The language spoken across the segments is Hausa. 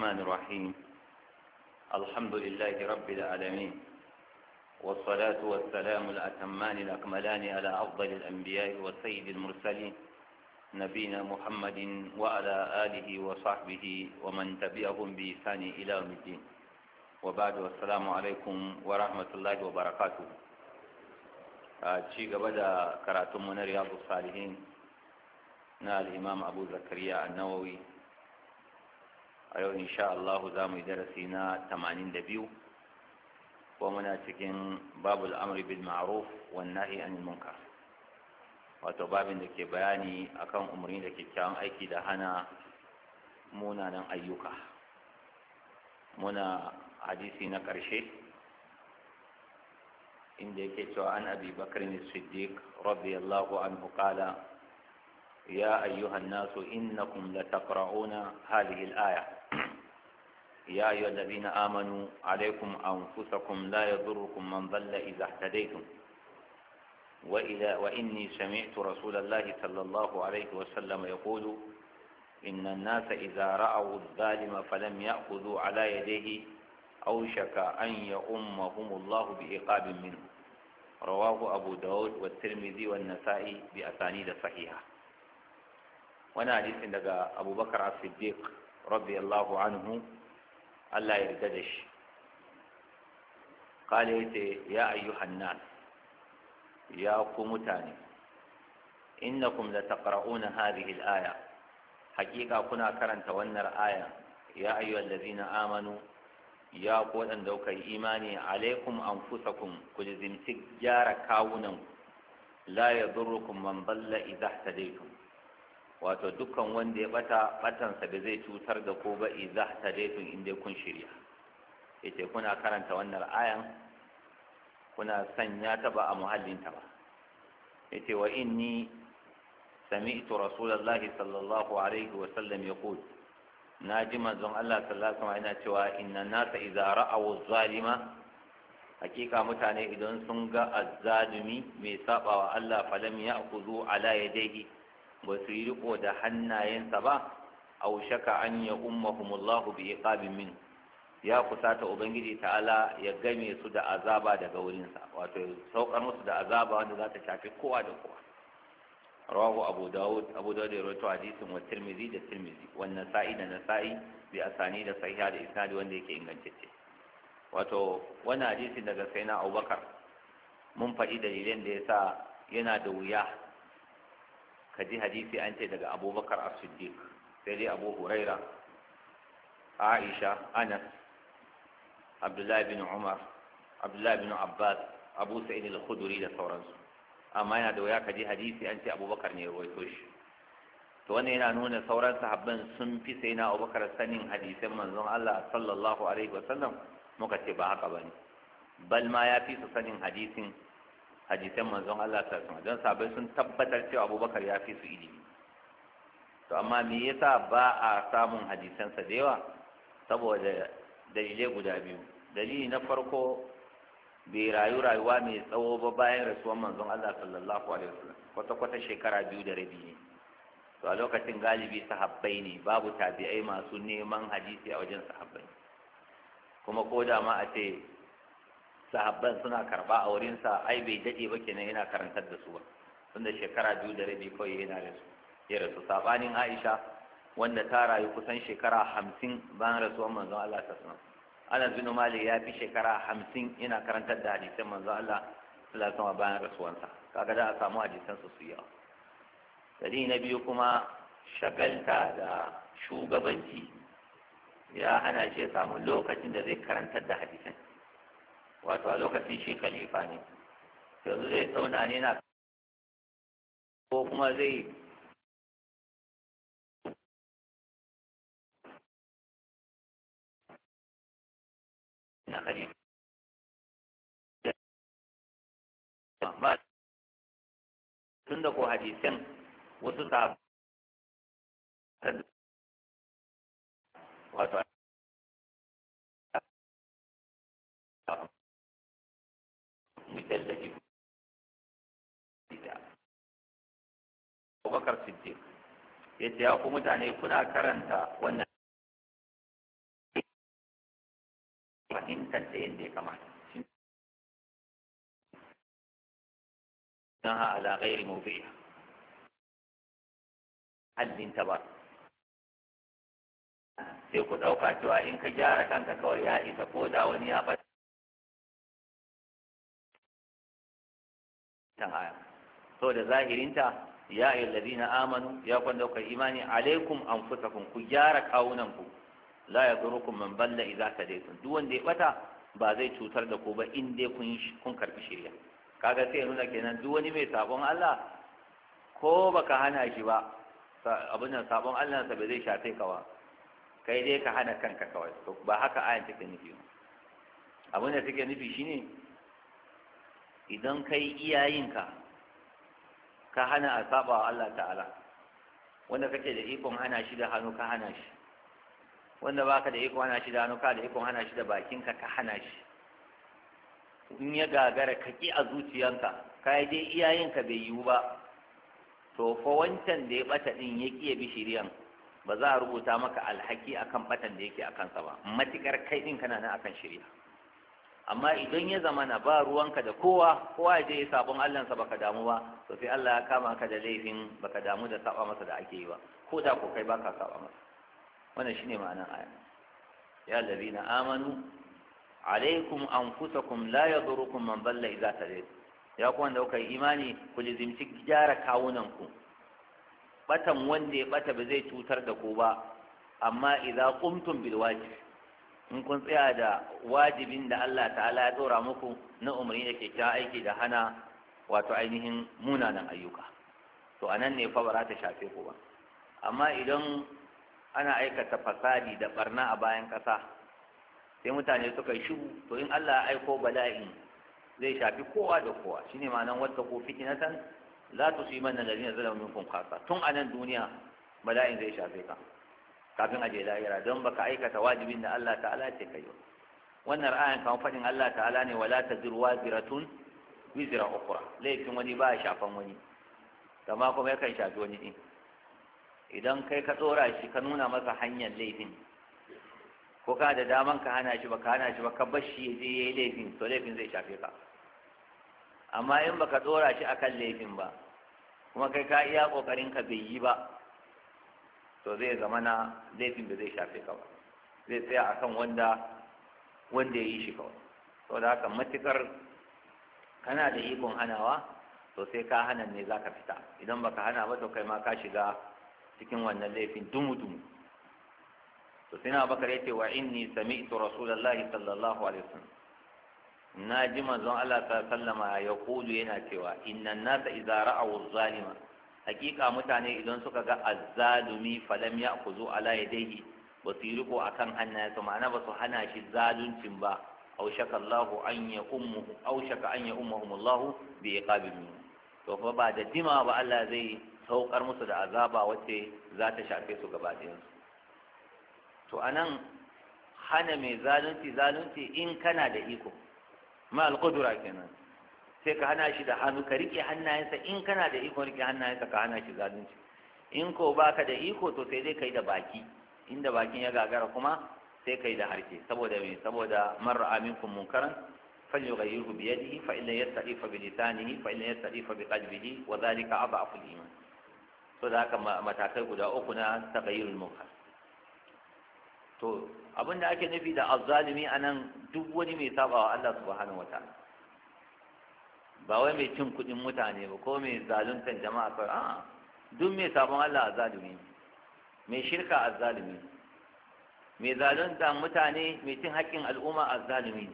الرحمن الرحيم الحمد لله رب العالمين والصلاة والسلام الأتمان الأكملان على أفضل الأنبياء وسيد المرسلين نبينا محمد وعلى آله وصحبه ومن تبعهم بإحسان إلى يوم الدين وبعد والسلام عليكم ورحمة الله وبركاته شيء قبل كراتم من رياض الصالحين نال الإمام أبو زكريا النووي a yau insha Allah za mu yi darasi na 82 ko muna cikin babul amri bil ma'ruf wan nahi anil munkar wato babin da ke bayani akan umarni da kyakkyawan aiki da hana munanan ayyuka muna hadisi na ƙarshe inda yake cewa an abi bakar ne siddiq radiyallahu anhu qala ya ayyuhan nasu innakum la taqra'una hadhihi aya يا أيها الذين آمنوا عليكم أنفسكم لا يضركم من ضل إذا اهتديتم وإذا وإني سمعت رسول الله صلى الله عليه وسلم يقول إن الناس إذا رأوا الظالم فلم يأخذوا على يديه أوشك أن يؤمهم الله بإقاب منه رواه أبو داود والترمذي والنسائي بأسانيد صحيحة وانا حديث عند أبو بكر الصديق radiyallahu anhu Allah ya yarda da shi kale yace ya ayyuhan ya ku mutane innakum lataqra'una hadhihi al-aya haqiqa kuna karanta wannan aya ya ayyuhallazina amanu ya ku waɗanda kuka yi imani alaikum anfusakum ku jizimci gyara kawunan la yadurrukum man dalla idza ihtadaytum wato dukkan wanda ya bata batansa ba zai cutar da ko ba idza tadaitun in kun shirya yace kuna karanta wannan ayan kuna sanya ta ba a muhallin ta ba yace wa inni sami'tu Rasulallah sallallahu alaihi wa sallam yaqul naji manzon Allah sallallahu alaihi wa yana cewa inna nasa idza ra'aw zalima hakika mutane idan sun ga azzalimi mai sabawa Allah falam ya'khudhu ala yadayhi ba su yi riko da hannayensa ba A shaka an ya ummahumullahu bi iqabin min ya kusata ubangiji ta'ala ya game su da azaba daga wurinsa wato saukar musu da azaba wanda za ta shafi kowa da kowa rawahu abu dawud abu dawud ya rawaito hadisin wa tirmizi da tirmizi wannan sa'i da nasa'i bi asani da sahiha da isnadi wanda yake ingantacce wato wannan hadisin daga sayyidina abubakar mun faɗi dalilin da yasa yana da wuya ka ji hadisi an ce daga abubakar as-siddiq sai dai abu huraira aisha anas abdullahi bin umar abdullahi bin abbas abu sa'id al-khudri da sauransu amma yana da wuya ka ji hadisi an ce abubakar ne ya rawaito shi to wannan yana nuna sauran sahabban sun fi sai na abubakar sanin hadisan manzon Allah sallallahu alaihi wasallam muka ce ba haka bane bal ma ya fi su sanin hadisin hadisan manzon Allah sallallahu alaihi don sabai sun tabbatar cewa Abubakar ya fi su ilimi to amma me yasa ba a samun hadisansa da yawa saboda dalilai guda biyu dalili na farko bai rayu rayuwa mai tsawo ba bayan rasuwan manzon Allah sallallahu alaihi wasallam kwata kwata shekara biyu da rabi ne to a lokacin galibi sahabbai ne babu tabi'ai masu neman hadisi a wajen sahabbai kuma ko da ma a ce sahabban suna karba a wurinsa ai bai daɗe ba kenan yana karantar da su ba tunda shekara biyu da rabi kawai yana da su ya rasu sabanin aisha wanda ta rayu kusan shekara hamsin bayan rasuwan manzon allah ta sunan anas bin malik ya fi shekara hamsin yana karantar da hadisan manzon allah sallallahu alaihi bayan sa kaga da a samu hadisan su su yawa dalili na biyu kuma shagalta da shugabanci ya hana shi ya samu lokacin da zai karantar da hadisan wato a lokacin shi khalifa ne yanzu zai zauna ne na ko kuma zai na khalifa amma tun da ko hadisan wasu sa wato يتزجب Abubakar Siddiq ya ce ya ku mutane kuna karanta wannan fahimtar da yadda ya kamata don ha ala ghairi mawdu'iha haddin ta ba sai ku ɗauka cewa in ka gyara kanka kawai ya ko da wani ya bata tan aya da zahirinta ya ayyuhallazina amanu ya kwanda kai imani alaikum anfusakum ku gyara kawunan ku la yadurukum man balla idza tadaytum duk wanda ya bata ba zai cutar da ku ba in dai kun kun karbi shirya kaga sai nuna kenan duk wani mai sabon Allah ko baka hana shi ba abin nan sabon Allah sa bai zai shafe ka ba kai dai ka hana kanka kawai to ba haka ayan take nufi ba abin da take nufi shine idan kai iyayenka ka hana a saba wa Allah ta'ala wanda kake da ikon hana shi da hannu ka hana shi wanda baka da ikon hana shi da hannu ka da ikon hana shi da bakinka ka hana shi in ya gagara ka ƙi a zuciyanka ka yi dai iyayenka bai yiwu ba to fa wancan da ya ɓata din ya ƙi ya bi shiriyan ba za a rubuta maka alhaki akan ɓatan da yake a sa ba matuƙar kai ɗin kana nan akan shiriya amma idan ya zama na ba ruwanka da kowa kowa ya je ya sabon allansa baka damu ba to sai Allah ya kama ka da laifin baka damu da saba masa da ake yi ba ko da ko kai baka saba masa wannan shine ma'anar aya ya allazina amanu alaikum anfusakum la yadurukum man balla idza tadayt ya ku wanda kuka yi imani ku lizimci gyara kawunan ku batan wanda ya bata ba zai cutar da ku ba amma idza qumtum bil wajib in kun tsaya da wajibin da Allah ta'ala ya tsora muku na umarni da ke ta aiki da hana wato ainihin munanan ayyuka to a nan ne fa ba za ta shafe ku ba amma idan ana aikata fasadi da barna a bayan ƙasa sai mutane suka yi shiru to in Allah ya aiko bala'in zai shafi kowa da kowa shine ma'anar wata ko fitinatan la tusibanna alladhina zalamin kun kasa tun anan duniya bala'in zai shafe ka kafin aje lahira don baka aikata wajibin da Allah ta'ala ce kai ba wannan ra'ayin kan fadin Allah ta'ala ne wala taziru waziratun wizra ukhra laifin wani ba shafan wani kama kuma yakan shafi wani din idan kai ka tsora shi ka nuna masa hanyar laifin ko ka da daman ka hana shi ba ka hana shi ba ka bar shi je yayi laifin to laifin zai shafe ka amma in baka tsora shi akan laifin ba kuma kai ka iya kokarin ka bai yi ba to zai zama na laifin da zai shafe zai tsaya akan wanda wanda ya yi shi kawai to da haka matukar kana da ikon hanawa to sai ka hana ne za ka fita idan baka hana ba to kai ma ka shiga cikin wannan laifin dumu-dumu to sai na bakar yace wa inni sami'tu rasulullahi sallallahu alaihi wasallam na ji manzon Allah ta sallama ya kulu yana cewa innan nasa idza ra'aw zalima hakika mutane idan suka ga azzalumi falam ya'khudhu ala yadayhi ba su yi riko akan hannayensa ma'ana ba su hana shi zaluncin ba aushaka Allahu an ya ummuhu aushaka an ya to fa ba da dima ba Allah zai saukar musu da azaba wacce za ta shafe su gaba ɗayan to anan hana mai zalunci zalunci in kana da iko ma al kenan sai ka hana shi da hannu ka rike hannayensa in kana da iko rike hannayensa ka hana shi zalunci in ko baka da iko to sai dai kai da baki inda bakin ya gagara kuma sai kai da harshe saboda me saboda man ra'a minkum munkaran falyughayyirhu bi yadihi fa illa yastati fa bi lisanihi fa illa yastati fa bi qalbihi wa dhalika adhafu al-iman to da haka matakai guda uku na taghayyirul munkar to abinda ake nufi da azzalimi anan duk wani mai sabawa Allah subhanahu wataala ba wai mai cin kuɗin mutane ba ko mai zaluntar jama'a ba a duk mai sabon Allah azzalumi mai shirka azzalumi mai zaluntar mutane mai cin haƙƙin al'umma azzalumi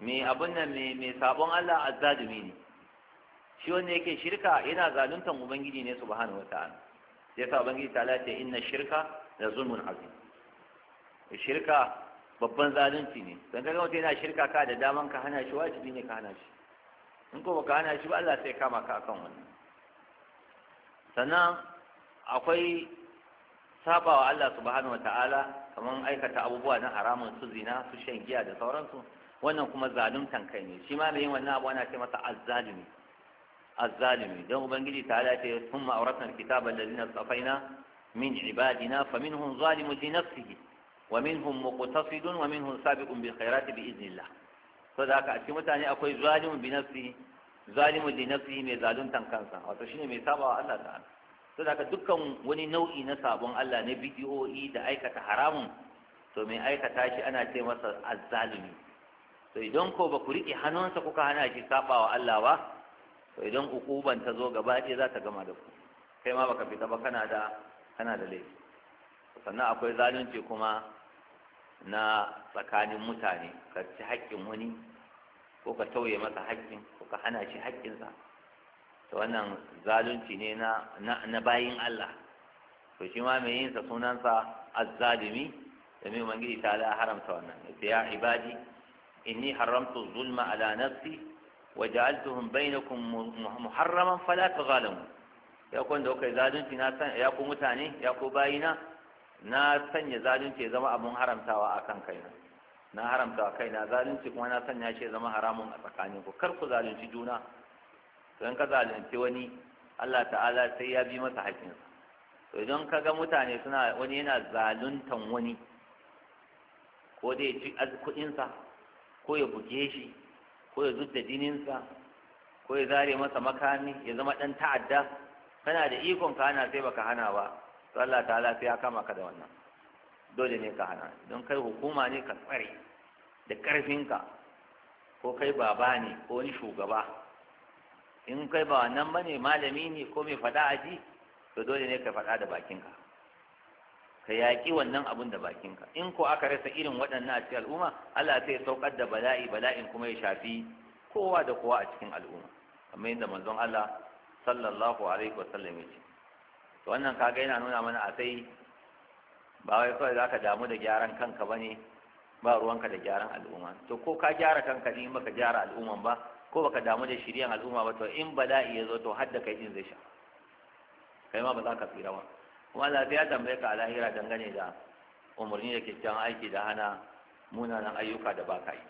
ne mai abin nan mai sabon Allah azzalumi ne shi wanda yake shirka yana zaluntar ubangiji ne subhanahu ala? sai sa ubangiji ta lati inna shirka la zulmun azim shirka babban zalunci ne dan kaga mutum yana shirka ka da daman ka hana shi wajibi ne ka hana shi in ko baka hana shi ba Allah sai kama ka akan wannan sannan akwai sabawa Allah subhanahu wataala kamar aikata abubuwa na haramun su zina su shan giya da sauransu wannan kuma zaluntan kai ne shi ma mai yin wannan abu ana ce masa azzalimi azzalimi don ubangiji ta ala ce sun ma'auratan da zina safaina min ibadina faminhum zalimun li nafsihi wa minhum muqtasidun wa minhum sabiqun bil khairati bi idnillah so da haka a cikin mutane akwai zalimu bi nafsihi zalimu li nafsihi mai zaluntan kansa wato shine mai sabawa Allah ta'ala so da haka dukkan wani nau'i na sabon Allah na bidiyoyi da aikata haramun to mai aikata shi ana ce masa azzalimi to idan ko ba ku riƙe hannunsa kuka hana shi sabawa Allah ba to idan ukuban ta zo gaba ɗaya za ta gama da ku kai ma baka fita ba kana da kana da laifi sannan akwai zalunci kuma na tsakanin mutane ka ci haƙƙin wani ko ka tauye masa haƙƙin ko ka hana shi haƙƙinsa to wannan zalunci ne na na bayin Allah to shi ma mai yinsa sunansa azzalimi domin ubangiji ta ala haramta wannan ya ya ibadi inni haramtu zulma ala nafsi wa ja'altuhum bainakum muharraman fala tazalamu ya kun da kai zalunci na san ya ku mutane ya ku bayina na sanya zalunci ya zama abun haramtawa a kan kaina na haramta kaina zalunci kuma na sanya shi ya zama haramun a tsakanin ku kar ku zalunci juna To don ka zalunci wani Allah ta'ala sai ya bi masa haƙƙinsa to idan ka ga mutane suna wani yana zaluntan wani ko da ya ci kuɗinsa ko ya buge shi ko ya zudda jininsa ko ya zare masa makami ya zama ɗan ta'adda kana da ikon ka hana sai baka hana ba to Allah ta'ala sai ya kama ka da wannan dole ne ka hana don kai hukuma ne ka tsare da ƙarfinka ko kai baba ne ko wani shugaba in kai ba wannan ba ne malami ne ko mai faɗa a ji to dole ne ka faɗa da bakinka ka yaƙi wannan abun da bakinka in ko aka rasa irin waɗannan a cikin al'umma Allah sai ya saukar da bala'i bala'in kuma ya shafi kowa da kowa a cikin al'umma kamar yadda manzon Allah sallallahu alaihi sallam ya ce to wannan kaga yana nuna mana a sai ba wai kawai za ka damu da gyaran kanka ba ne ba ruwanka da gyaran al'umma to ko ka gyara kanka ne baka gyara al'umman ba ko baka damu da shiryan al'umma ba to in bala'i ya zo to hadda kai din zai sha kai ma ba za ka tsira ba kuma Allah ya tambaye ka a lahira dangane da umarni da kyakkyawan aiki da hana munanan ayyuka da ba ka yi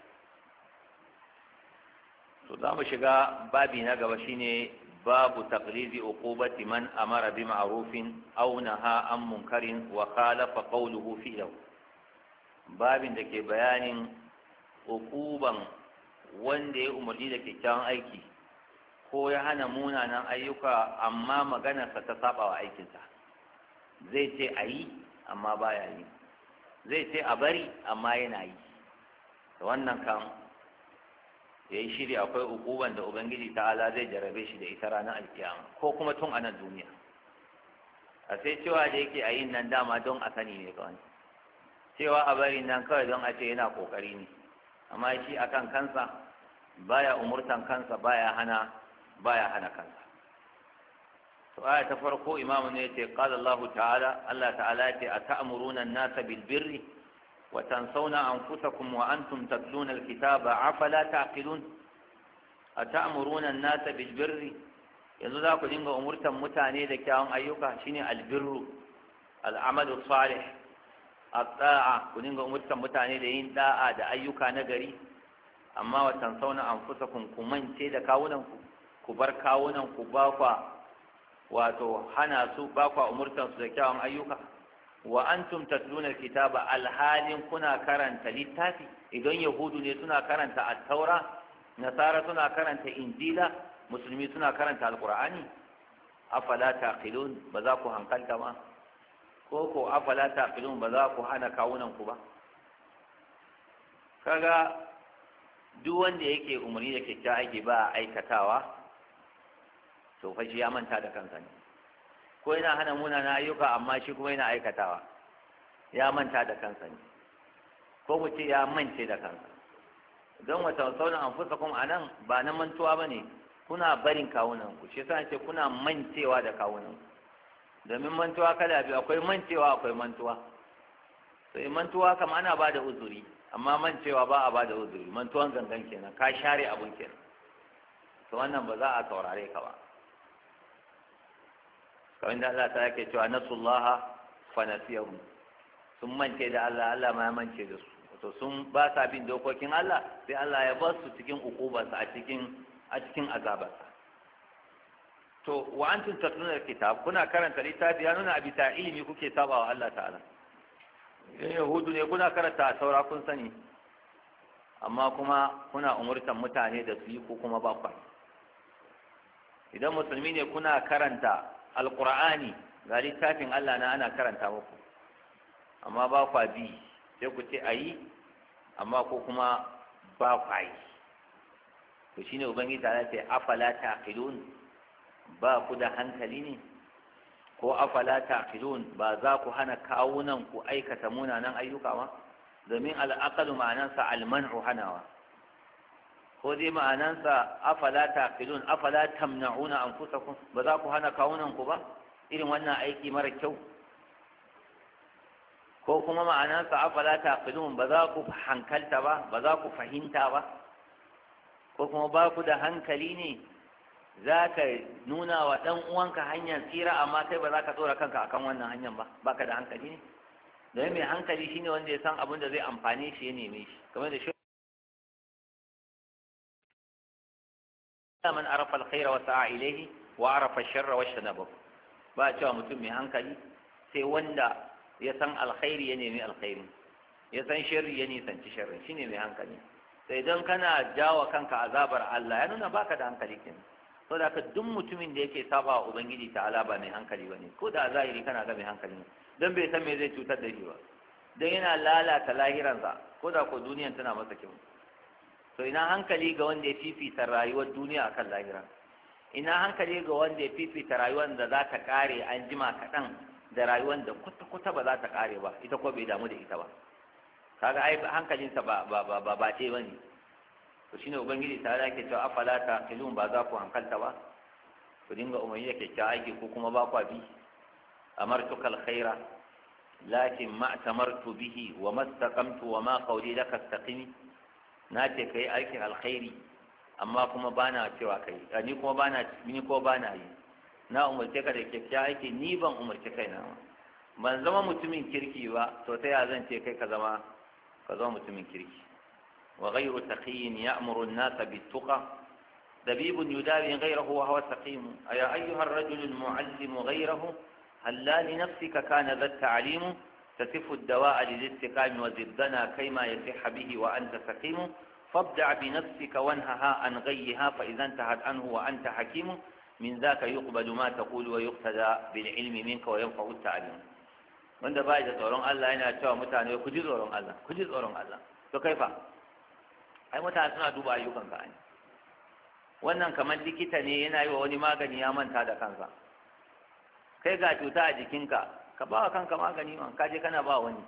to za mu shiga babi na gaba shine babu taqlidi uqubati a mara bi ma'rufin aw naha an munkarin wa khalafa qawluhu babin da ke bayanin uquban wanda ya umarni da kyakkyawan aiki ko ya hana munanan ayyuka amma maganarsa ta saba wa aikinsa zai ce a yi amma baya yi zai ce a bari amma yana yi wannan kan ya yi shiri akwai ukuban da ubangiji ala zai jarabe shi da ita ranar alkiyama ko kuma tun anan duniya a sai cewa da yake a yin nan dama don a sani ne kawai cewa a bari nan kawai don a ce yana kokari ne amma shi akan kansa baya umurtan kansa baya hana baya hana kansa to aya ta farko imamu ne ya ce qala Allah ta'ala Allah ta'ala ya ce ata'muruna an-nasa bil birri وتنسون أنفسكم وأنتم تتلون الكتاب أفلا تعقلون أتأمرون الناس بالبر yanzu za ku dinga umurtan mutane da kyawun ayyuka shine albirru al'amalu salih at-ta'a ku dinga umurtan mutane da yin da'a da ayyuka na gari amma wa tansauna anfusakum ku mance da kawunan ku ku bar kawunan ku ba wato hana su ba umurtan su da kyawun ayyuka wa antum tatluna alkitaba alhalin kuna karanta littafi idan yahudu ne suna karanta at-taura nasara suna karanta injila musulmi suna karanta alqur'ani afala taqilun ba za ku hankalta ba ko ko afala taqilun ba za ku hana kawunan ku ba kaga duk wanda yake umarni da kyakkyawa ake ba aikatawa to fa shi ya manta da kansa ne ko yana hana muna na ayyuka amma shi kuma yana aikatawa ya manta da kansa ne ko mu ce ya mance da kansa don wata an fusa kuma a nan ba na mantuwa ba ne kuna barin kawunan ku shi sa ce kuna mancewa da kawunan ku domin mantuwa kada biyu akwai mancewa akwai mantuwa sai mantuwa kama ana ba da uzuri amma mancewa ba a ba da uzuri mantuwan gangan kenan ka share abun kenan to wannan ba za a saurare ka ba kawai da Allah ta yake cewa nasullaha fa nasiyahum sun mance da Allah Allah ma ya mance da su to sun ba sa bin dokokin Allah sai Allah ya basu su cikin ukubarsa a cikin a cikin azabarsa to wa antum tatluna alkitab kuna karanta littafi ya nuna abita ilimi kuke wa Allah ta'ala eh, yahudu ne kuna karanta saura kun sani amma kuma kuna umurtan mutane da su yi ko kuma ba idan musulmi ne kuna karanta alqur'ani ga littafin Allah na ana karanta muku amma ba kwa bi sai ku ce ayi amma ko kuma ba kwa yi to shine ubangiji ta ce afala taqilun ba ku da hankali ne ko afala taqilun ba za ku hana kawunan ku aikata munanan ayyuka ba domin al'aqalu ma'anansa al-man'u hanawa ko dai ma'anansa afala taqilun afala tamna'una anfusakum ba za ku hana kawunan ku ba irin wannan aiki mara kyau ko kuma ma'anansa afala taqilun ba za ku hankalta ba ba za ku fahimta ba ko kuma ba ku da hankali ne za ka nuna wa ɗan uwanka hanyar tsira amma kai ba za ka tsora kanka akan wannan hanyar ba baka da hankali ne don mai hankali shine wanda ya san abin da zai amfane shi ya neme shi kamar da shi man arafa alkhaira wa sa'a ilayhi wa arafa sharra wa shanaba ba cewa mutum mai hankali sai wanda ya san alkhairi ya nemi alkhairi ya san sharri ya nisanci sharri shine mai hankali sai don kana jawa kanka azabar Allah ya nuna baka da hankali kenan so da ka duk mutumin da yake saba wa ubangiji ta ala ba mai hankali bane ko da zahiri kana ga mai hankali ne don bai san me zai cutar da shi ba don yana lalata lahiransa ko da ko duniyan tana masa kyau to ina hankali ga wanda ya fifita rayuwar duniya akan lahira ina hankali ga wanda ya fifita rayuwar da za ta kare an jima kaɗan da rayuwar da kuta-kuta ba za ta kare ba ita ko bai damu da ita ba kaga ai hankalinsa ba ba ba ba ba ce bane to shine ubangiji ta ala ke cewa afala ta kilun ba za ku hankalta ba ku dinga umarni da kyakkyawa aiki ko kuma ba ku bi amartuka khaira lakin ma tamartu bihi wa mastaqamtu wa ma qawli da istaqimi na ce kai aikin alkhairi amma kuma ba na cewa kai ni kuma ba na ni ko na yi na umarce ka da kyakkyawan aiki ni ban umarci kai na ban zama mutumin kirki ba to ta ya zan ce kai ka zama ka zama mutumin kirki wa ghayru taqiyin ya'muru an-nasa bit-tuqa دبيب يداوي غيره وهو سقيم أيا أيها الرجل المعلم غيره هل لا لنفسك كان ذا التعليم تصف الدواء للاستقام وزدنا كيما يصح به وأنت سقيم فابدع بنفسك وانهها عن غيها فإذا انتهت عنه وأنت حكيم من ذاك يقبل ما تقول ويقتدى بالعلم منك وينفع التعليم من باي da tsoron Allah yana cewa mutane ku ji tsoron Allah ku ji tsoron Allah to kai fa ai mutane suna duba wannan kamar likita ne yana yi wa wani magani ya manta da kansa kai ga cuta a jikinka ka ba wa kanka magani man kaje kana ba wani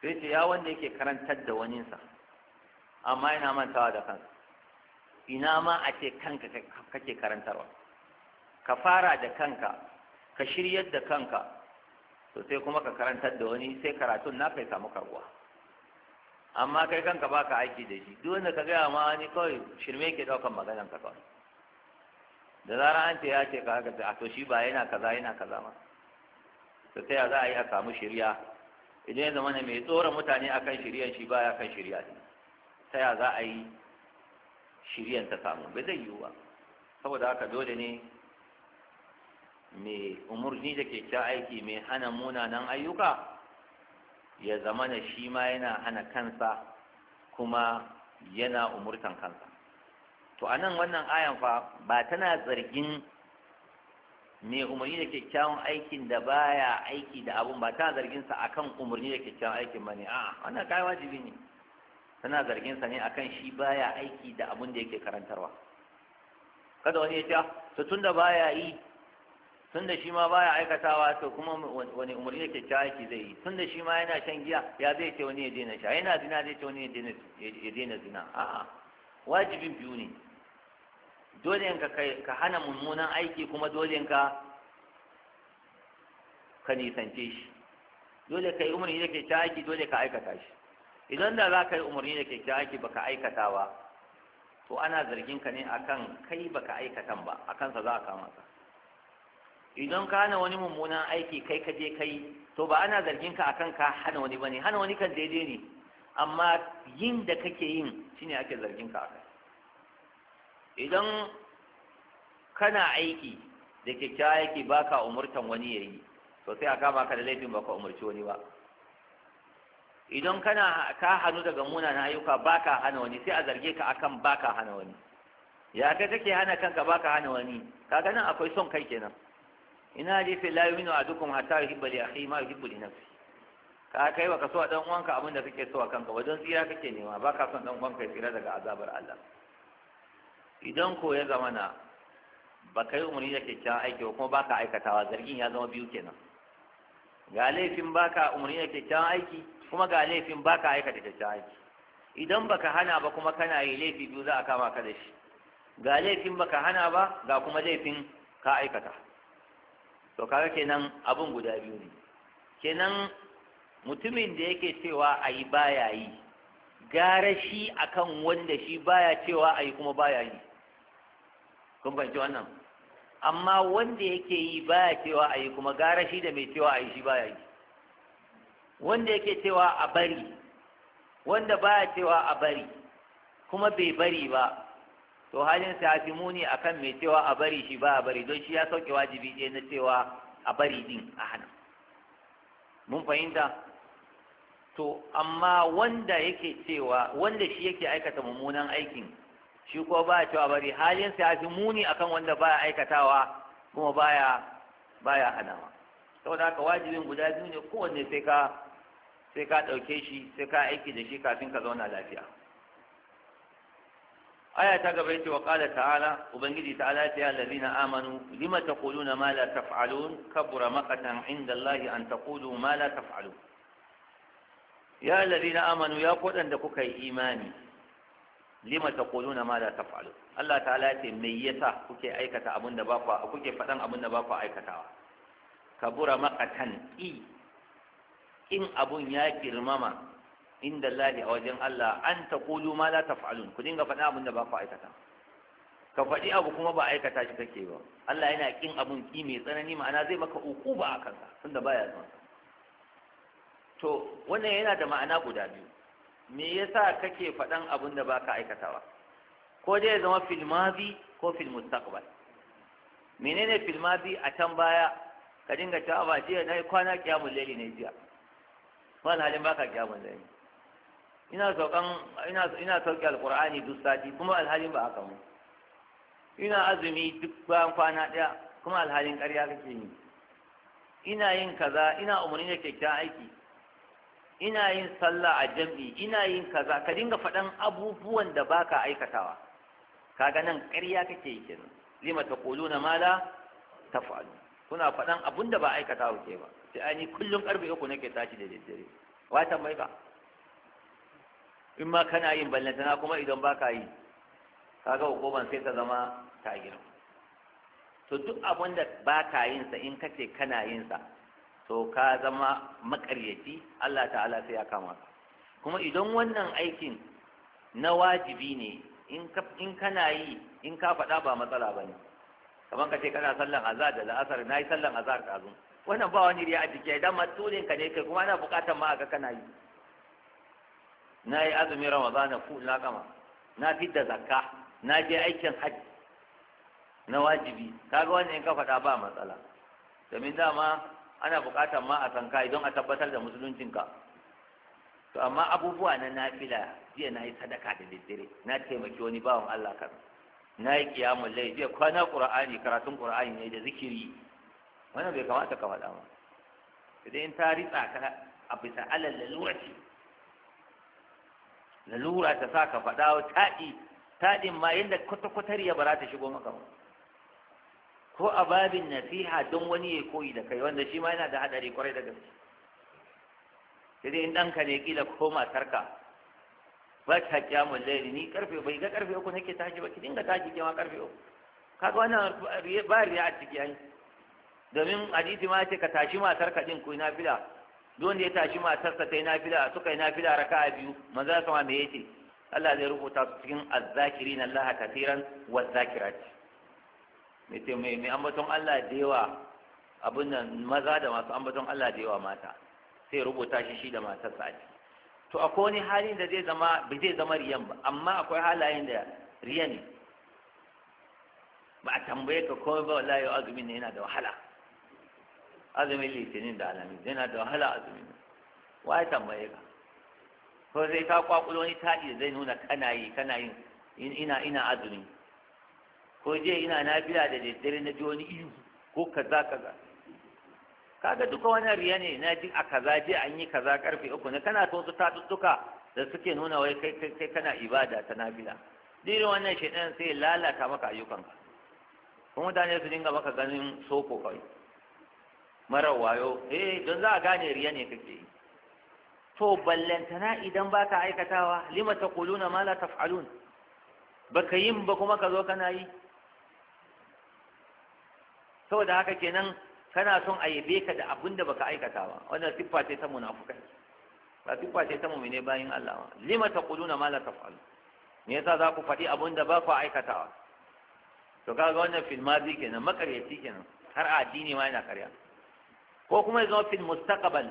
sai ce ya wanda yake karantar da waninsa amma yana mantawa da kansa ina ma a ce kanka kake karantarwa ka fara da kanka ka shiryar da kanka to sai kuma ka karantar da wani sai karatun na kai samu karbuwa amma kai kanka baka aiki da shi duk wanda ka gaya ma wani kawai shirme ke daukan maganan ka kawai da zarar an ce ya ce ka haka a to shi ba yana kaza yana kaza ma to ta za a yi a samu shirya idan ya zama mai tsora mutane akan shiryan shi baya kan shirya ne ta ya za a yi shiryan ta samu bai zai yiwu ba saboda haka dole ne mai umurni da ke cikin aiki mai hana munanan ayyuka ya zama shi ma yana hana kansa kuma yana umurtan kansa to a nan wannan ayan fa ba tana zargin mai umarni da kyakkyawan aikin da baya aiki da abun ba tana zargin sa akan umarni da kyakkyawan aikin ba ne? a'a wannan kai wajibi ne tana zargin sa ne akan shi baya aiki da abun da yake karantarwa kada wani ya ce ah, to tunda baya yi tunda shi ma baya aikatawa to kuma wani umarni da kyakkyawan aiki zai yi tunda shi ma yana shan giya ya zai ce wani ya daina sha yana zina zai ce wani ya daina zina a'a wajibin biyu ne dole ka ka hana mummunan aiki kuma dole ka ka nisance shi dole ka yi umarni da ke aiki dole ka aikata shi idan da za ka yi umarni da ke ta aiki baka aikata ba to ana zargin ka ne akan kai baka aikatan ba akan sa za a kama ka idan ka hana wani mummunan aiki kai ka je kai to ba ana zargin ka akan ka hana wani bane hana wani kan daidai ne amma yin da kake yin shine ake zargin ka akai idan kana aiki da kyakkyawa yake ka umurtan wani yi to sai a kama ka da laifin ba ka umarci wani ba idan kana ka hannu daga munanan ayyuka ba ka hana wani sai a zarge ka akan ba ka hana wani ya ga kake hana kanka ba ka hana wani kaga nan akwai son kai kenan ina ji fi la yuminu adukum hatta yuhibba li akhi ma yuhibbu li nafsi ka kai wa kaso dan uwanka abin da kake so a kanka wajen tsira kake nema ba ka son dan uwanka ya tsira daga azabar Allah idan ko ya zama na ba kai umarni da kyakkyawan aiki ba kuma baka aikatawa zargin ya zama biyu kenan ga laifin baka umarni da kyakkyawan aiki kuma ga laifin baka aikata kyakkyawan aiki idan baka hana ba kuma kana yi laifi biyu za a kama ka da shi ga laifin baka hana ba ga kuma laifin ka aikata to kaga kenan abun guda biyu ne kenan mutumin da yake cewa a yi baya yi gara shi akan wanda shi baya cewa a yi kuma baya yi kun fahimci wannan amma wanda yake yi baya cewa a yi kuma gara shi da mai cewa a yi shi baya yi wanda yake cewa a bari wanda baya cewa a bari kuma bai bari ba to halin sa fi muni akan mai cewa a bari shi ba a bari don shi ya sauke wajibi ɗaya na cewa a bari din a hana mun fahimta to amma wanda yake cewa wanda shi yake aikata mummunan aikin shi ko ba cewa bari halin sa fi muni akan wanda baya aikatawa kuma baya baya hanawa saboda haka wajibin guda biyu ne kowanne sai ka sai ka ɗauke shi sai ka aiki da shi kafin ka zauna lafiya aya ta gaba yace wa qala ta'ala ubangiji ta'ala ta ya allazina amanu lima taquluna ma la taf'alun kabura maqatan inda allahi an taqulu ma la taf'alun ya allazina amanu ya da kuka yi imani lima na ma ta taf'alu Allah Ta ya ce me yasa kuke aikata abin da ba ku kuke faɗan abin da bakwa ku aikatawa kabura maqatan i in abun ya girmama inda Allah a wajen Allah an ta taqulu ma ta taf'alun ku dinga faɗan abin da ba aikata ka faɗi abu kuma ba aikata shi kake ba Allah yana kin abun ki mai tsanani ma'ana zai maka uku ba a kanka tunda baya zuwa to wannan yana da ma'ana guda biyu me yasa kake faɗan abin da baka aikatawa ko dai ya zama fil madi ko fil mustaqbal menene fil madi a can baya ka dinga cewa ba jiya nayi kwana kiyamul laili ne jiya wani halin baka kiyamul laili ina saukan ina ina sauki alqur'ani duk sati kuma alhalin ba haka mu ina azumi duk bayan kwana daya kuma alhalin ƙarya kake yi ina yin kaza ina umarni da kyakkyawan aiki ina yin sallah a jam'i ina yin kaza ka dinga faɗan abubuwan da baka aikatawa kaga nan ƙarya kake yi kenan lima taquluna ma la taf'alu kuna faɗan abun da ba aikatawa ke ba sai ani kullum ƙarfe uku nake tashi da daddare wa tambayi ba in ma kana yin ballantana kuma idan baka yi kaga hukuman sai ta zama ta to duk abun da baka yin sa in kace kana yin sa to ka zama makaryaci Allah ta'ala sai ya kama ka kuma idan wannan aikin na wajibi ne in kana yi in ka faɗa ba matsala ba ne kamar ka ce kana sallan azhar da la'asar na yi sallan azhar ɗazu wannan ba wani riya a jiki idan matulin ka ne kai kuma ana buƙatar ma a ga kana yi na yi azumi ramadana ku na kama na fidda zakka na je aikin hajji na wajibi kaga wannan in ka faɗa ba matsala domin dama ana buƙatar ma a san ka idan a tabbatar da musuluncinka to amma abubuwa na nafila jiya na yi sadaka da daddare na taimaki wani bawan Allah kan na yi kiyamun lai jiya kwana qur'ani karatun qur'ani ne da zikiri wannan bai kamata ka faɗa ba idan in ta ritsa ka a bisa alal lalura ce lalura ta sa ka faɗa taɗi taɗin ma yadda kwata-kwatar ya ba za ta shigo maka ba ko a babin nasiha don wani ya koyi da kai wanda shi ma yana da haɗari kwarai da gaske sai dai in ɗanka ne kila ko matarka ba ta kyamun laili ni karfe bai ga karfe uku nake tashi ba ki dinga tashi kema karfe uku kaga wannan ba riya a ciki an domin hadisi ma ce ka tashi matar ka din ku nafila don ya tashi matar ta yi nafila suka yi nafila raka'a biyu manzo sama me yace Allah zai rubuta su cikin azzakirin Allah katiran wa zakirati mai ce mai mai ambaton Allah da yawa abin nan maza da masu ambaton Allah da yawa mata sai rubuta shi shi da matar sa ciki to akwai wani halin da zai zama bi zai zama riyan ba amma akwai halayen da riyan ba a tambaye ka ko ba wallahi yau azumin ne yana da wahala azumin litinin da alami yana da wahala azumin ne wa ya tambaye ka ko sai ka kwakulo wani taɗi da zai nuna kana yi kana yin ina ina azumin. ko je ina nafila da daddare na ji wani ihu ko kaza kaza kaga duka wani riya ne na ji a kaza je an yi kaza karfe uku ne kana so ta tatuttuka da suke nuna wai kai kai kai kana ibada ta nafila dire wannan shedan sai lalata maka ayyukanka kuma mutane su dinga maka ganin soko kai mara wayo eh don za a gane riya ne kake yi to ballantana idan baka aikatawa lima taquluna ma la taf'alun baka yin ba kuma ka zo kana yi saboda haka kenan kana son a yabe ka da abin da baka aikata ba wannan siffa ce ta munafukai ba siffa ce ta mu'mine bayin Allah ba lima taquluna ma la taf'al me yasa za ku faɗi abin da ba ku aikatawa to kaga wannan fil madi kenan makaryaci kenan har addini ma yana karya ko kuma ya fil mustaqbal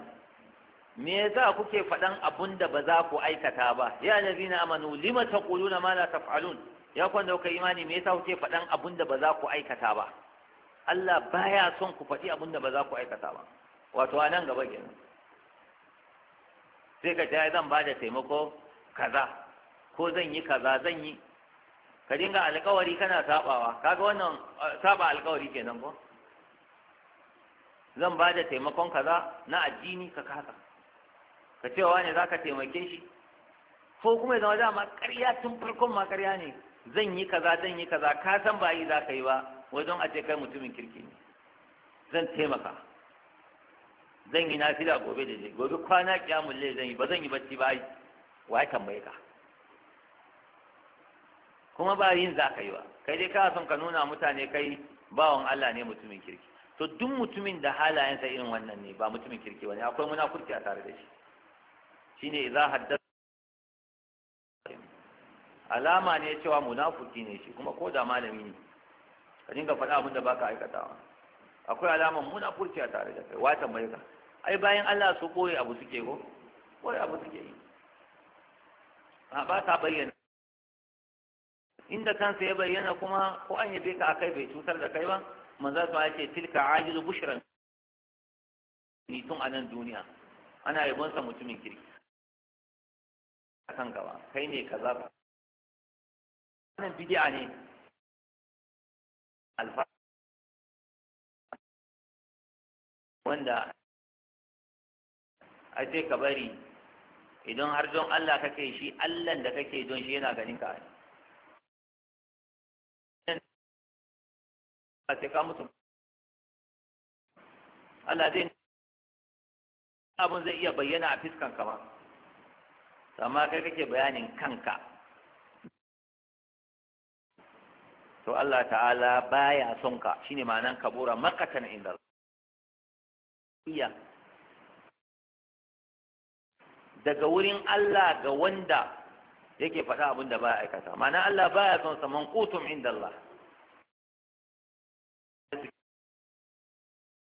me yasa kuke faɗan abun da ba za ku aikata ba ya allazina amanu lima taquluna ma la taf'alun ya kwanda kuka imani me yasa kuke faɗan abun da ba za ku aikata ba Allah baya son ku faɗi abin da ba za ku aikata ba wato a nan gaba kenan sai ka ce zan ba da taimako kaza ko zan yi kaza zan yi ka dinga alkawari kana sabawa kaga wannan eh, saba alkawari kenan ko zan ba da taimakon kaza na addini ka kasa ka ce wa ne za ka taimake shi ko kuma ya zama dama ƙarya tun farkon ma ƙarya ne zan yi kaza zan yi kaza ka san ba yi za ka yi ba wai don a ce kai mutumin kirki ne zan taimaka zan yi fila gobe da shi. gobe kwana kiyamun lai zan yi ba zan yi bacci ba wa ya tambaye ka kuma ba yin za ka yi ba kai dai ka son ka nuna mutane kai bawan Allah ne mutumin kirki to duk mutumin da halayensa irin wannan ne ba mutumin kirki bane akwai munafurci a tare da shi shine za haddatha alama ne cewa munafiki ne shi kuma ko da malami ne ka dinga faɗa abin da baka aikatawa akwai alaman munafurci a tare da kai wata mai ka ai bayan Allah su koyi abu suke ko koyi abu suke yi ba ba ta bayyana inda kansa ya bayyana kuma ko an yabe ka akai bai cutar da kai ba manzo sa yake tilka ajizu bushran ni tun anan duniya ana yabon sa mutumin kirki akan gaba kai ne kaza wannan bid'a ne alfa wanda a ce ka bari idan har don Allah kake shi Allahn da kake don shi yana ganin ka a ce ka mutu Allah zai abin zai iya bayyana a fiskan ka ba amma kai kake bayanin kanka to Allah ta'ala baya son ka shine ma'anan kabura makatan inda iya daga wurin Allah ga wanda yake faɗa abin da ba aikata ma'ana Allah baya son sa manqutum inda Allah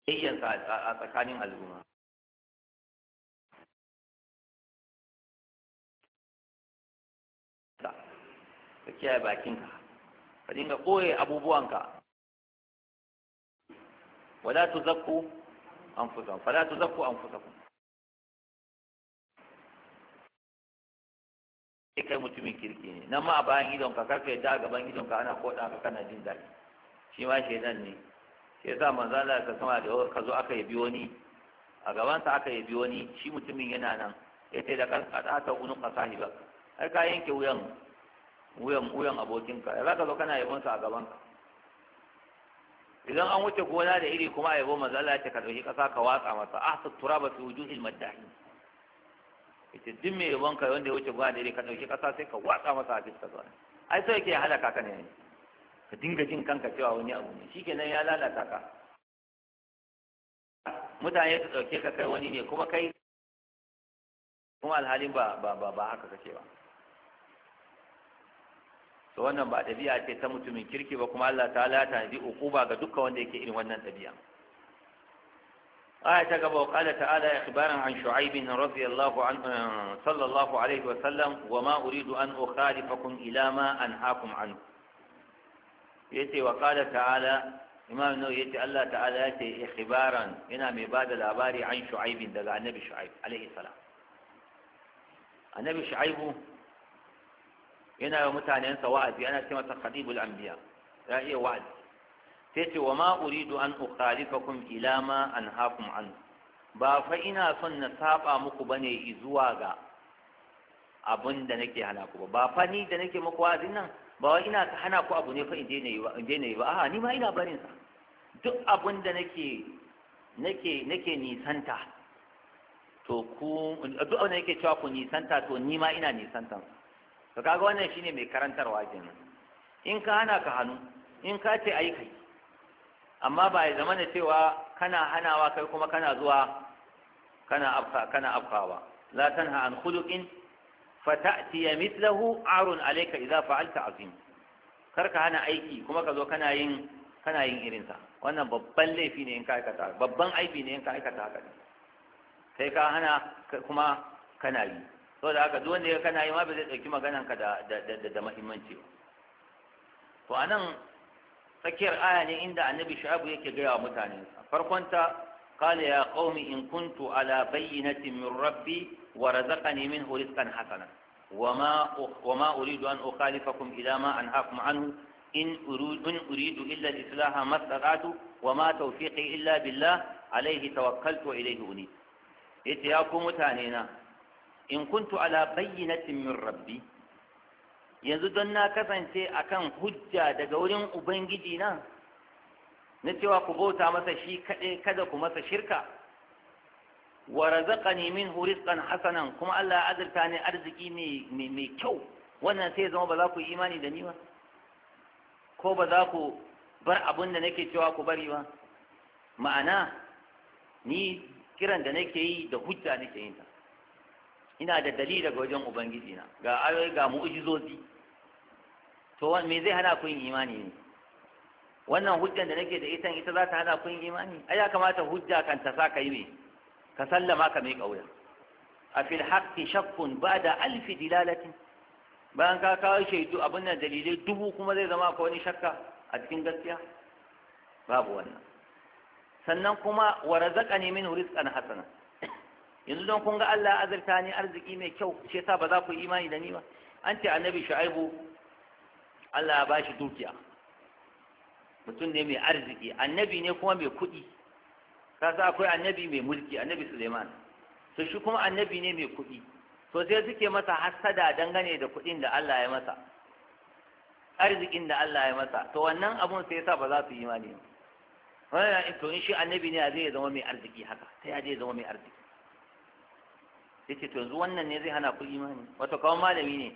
ka a tsakanin al'umma ka kiyaye bakinka ka dinga ɓoye abubuwanka wala tuzakku anfusakum fala tuzakku anfusakum sai kai mutumin kirki ne nan ma a bayan ka karka yadda a gaban ka ana koɗa ka kana jin daɗi shi ma nan ne shi sa manzo Allah ka sama da ka zo aka yabi wani a gaban sa aka yabi wani shi mutumin yana nan ya ce da karka ta ta unun ka sahiba ai ka yanke wuyan wuyan wuyan abokinka ya zaka zo kana yabon sa a gaban ka idan an wuce gona da iri kuma yabo manzo Allah ya ce ka dauki kasa ka watsa masa ahsa turaba fi wujuhil maddahin ita duk mai yabon ka wanda ya wuce gona da iri ka dauki kasa sai ka watsa masa a fiskar sa ai sai yake halaka ka ne ka dinga jin kanka cewa wani abu ne shikenan ya lalata ka mutane su dauke ka kai wani ne kuma kai kuma alhalin ba ba ba haka kake ba to wannan ba dabi'a ce ta mutumin kirki ba kuma Allah ta'ala ya tanadi uquba ga dukkan wanda yake irin wannan ɗabi'a aya ta gaba qala ta'ala ikhbaran an shu'aib radiyallahu anhu eh, sallallahu alaihi wa sallam wa ma uridu an ukhalifakum ila ma anhaakum anhu yace wa qala ta'ala imam nau yace Allah ta'ala ya ce ikhbaran yana mai ba da labari an shu'aibin daga annabi shu'aib alaihi annabi yana yi mutanensa wa'azi ana ce masa khadibul anbiya ya iya wa'azi sai ce wa ma uridu an ukhalifakum ila ma anhaakum an ba fa ina son na saba muku bane zuwa ga abin da nake hana ku ba fa ni da nake muku wa'azin nan ba wai ina hana ku abu ne fa in daina yi ba in daina yi ba a'a ni ma ina barin sa duk abin da nake nake nake nisanta to ku duk abin da nake cewa ku nisanta to ni ma ina nisantansa ka kaga wannan shine mai karantarwa kenan in ka hana ka hannu in ka ce ai kai amma ba ya zama da cewa kana hanawa kai kuma kana zuwa kana afka kana afkawa la tanha an khuluqin fata'tiya mithlahu arun alayka idza fa'alta azim kar ka hana aiki kuma ka zo kana yin kana yin irinsa wannan babban laifi ne in ka aikata babban aibi ne in ka aikata haka sai ka hana kuma kana yi sau aka haka duwanda ya kana yi ma bai zai ɗauki magananka da mahimmanci ba to anan tsakiyar aya ne inda annabi shu'abu yake gaya wa mutane farkonta kala ya qaumi in kuntu ala bayyinati min rabbi wa razaqani minhu rizqan hasana wama wama uridu an ukhalifakum ila ma anhaakum anhu in uridu in uridu illa al-islaha masdaratu wama tawfiqi illa billah alayhi tawakkaltu wa ilayhi unib yace ya ku mutane na in kuntu ala bayyinatin min rabbi yanzu don na kasance akan hujja daga wurin ubangiji na na cewa ku bauta masa shi kaɗai kada ku masa shirka wa razaqani min rizqan hasanan kuma Allah ya azurta ni arziki mai mai kyau wannan sai zama ba za ku yi imani da ni ba ko ba za ku bar abin da nake cewa ku bari ba ma'ana ni kiran da nake yi da hujja nake yin ta ina da dalili daga wajen ubangiji na ga ayoyi ga mu'jizozi to me zai hana ku yin imani ne wannan hujjan da nake da ita ita za ta hana ku yin imani ai ya kamata hujja kan ta sa ka yi me ka sallama ka mai kauya a fil haqqi shakkun ba'da alfi dilalatin bayan ka kawo shaidu abin nan dalilai dubu kuma zai zama ka wani shakka a cikin gaskiya babu wannan sannan kuma wa razaqani minhu rizqan hasana yanzu don kun ga Allah azurta ni arziki mai kyau shi sa ba za ku imani da ni ba an ce annabi shu'aibu Allah ya bashi dukiya mutum ne mai arziki annabi ne kuma mai kuɗi Ka sa akwai annabi mai mulki annabi Suleiman to shi kuma annabi ne mai kuɗi to sai suke masa hasada dangane da kuɗin da Allah ya masa arzikin da Allah ya masa to wannan abun sai yasa ba za su imani ba wannan to in shi annabi ne zai zama mai arziki haka sai ya zai zama mai arziki yace to yanzu wannan ne zai hana ku imani wato kawai malami ne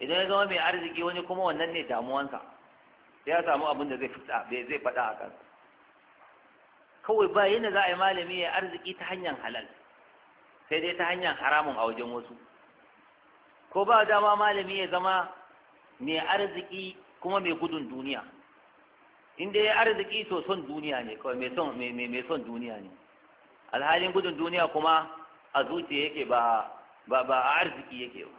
idan ya zama mai arziki wani kuma wannan ne damuwansa sai ya samu abin da zai fita zai faɗa a kansa kawai ba yadda za a yi malami ya arziki ta hanyar halal sai dai ta hanyar haramun a wajen wasu ko ba dama malami ya zama mai arziki kuma mai gudun duniya inda ya arziki to son duniya ne kawai mai son duniya ne alhalin gudun duniya kuma a zuciya yake ba ba a arziki yake ba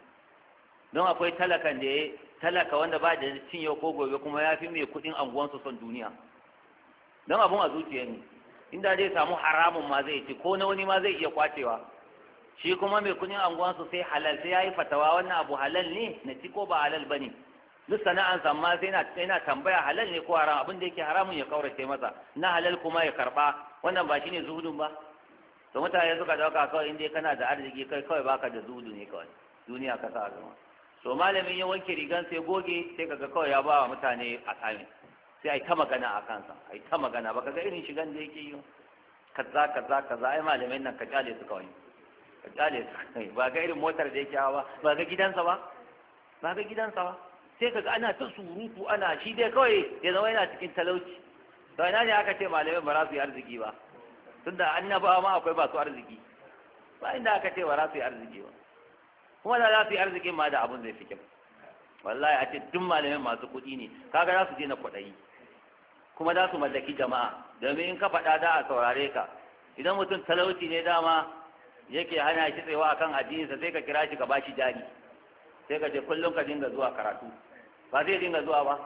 don akwai talakan da ya talaka wanda ba da cin yau ko gobe kuma ya fi mai kuɗin anguwansu son duniya don abun a zuciya ne inda zai samu haramun ma zai ci ko na wani ma zai iya kwacewa shi kuma mai kuɗin anguwansu sai halal sai ya yi fatawa wannan abu halal ne na ci ko ba halal ba ne duk sana'an ma sai yana tambaya halal ne ko haram abin da yake haramun ya kaurace masa na halal kuma ya karba wannan ba shine zuhudun ba to mutane suka dauka kawai inda kana da arziki kai kawai baka da zudu ne kawai duniya ka sa zama to malamin ya wanke rigan sai goge sai kaga kawai ya bawa mutane a kamin sai ai ta magana a kansa ai ta magana baka ga irin shigan da yake yi kaza kaza kaza ai malamin nan ka kyale su kawai ka kyale su kawai ba ga irin motar da yake hawa ba ga gidansa ba ba ga gidansa ba sai kaga ana ta surutu ana shi dai kawai ya zama yana cikin talauci to ina ne aka ce malamin ba za su yi arziki ba tunda annabawa ma akwai ba su arziki ba inda aka ce ba za su yi arziki ba kuma da za su yi arzikin ma da abun zai fi kyau wallahi a ce duk malamin masu kuɗi ne kaga za su je na kwaɗayi kuma za su mallaki jama'a domin in ka faɗa da a saurare ka idan mutum talauci ne dama yake hana shi tsayawa akan addininsa sai ka kira shi ka bashi jari sai ka ce kullum ka dinga zuwa karatu ba zai dinga zuwa ba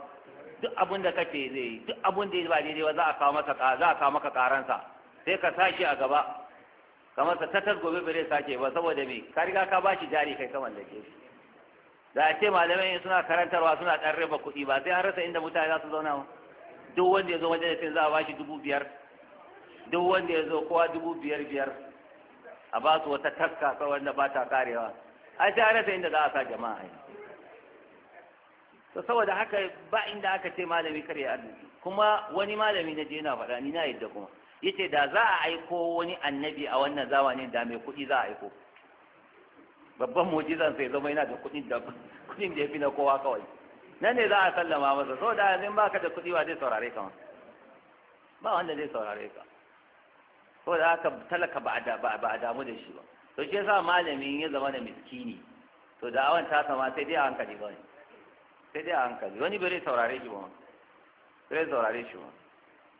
duk abin da kake zai yi duk abin da ya ba daidai ba za a kawo maka za a kawo maka karansa sai ka sashi a gaba kamar sa tattas gobe ba zai sake ba saboda me ka riga ka bashi jari kai kaman da ke da a ce malamai suna karantarwa suna ɗan raba kuɗi ba sai an rasa inda mutane za su zauna ba duk wanda ya zo majalisin za a bashi dubu biyar duk wanda ya zo kowa dubu biyar biyar a ba su wata taska ta wanda ba ta karewa a sai an rasa inda za a sa jama'a to saboda haka ba inda aka ce malami kare arziki kuma wani malami na je na faɗa ni na yadda kuma yace da za a aiko wani annabi a wannan zamanin da mai kuɗi za a aiko babban mujizan sai zama yana da kuɗin da kuɗin da ya fi na kowa kawai nan ne za a sallama masa so da yanzu baka da kuɗi ba zai saurare ka ba wanda zai saurare ka so da haka talaka ba a damu da shi ba to shi yasa malamin ya zama da miskini to da awan ta sama sai dai a hankali ba ne sai dai a hankali wani bai saurare shi ba bai saurare shi ba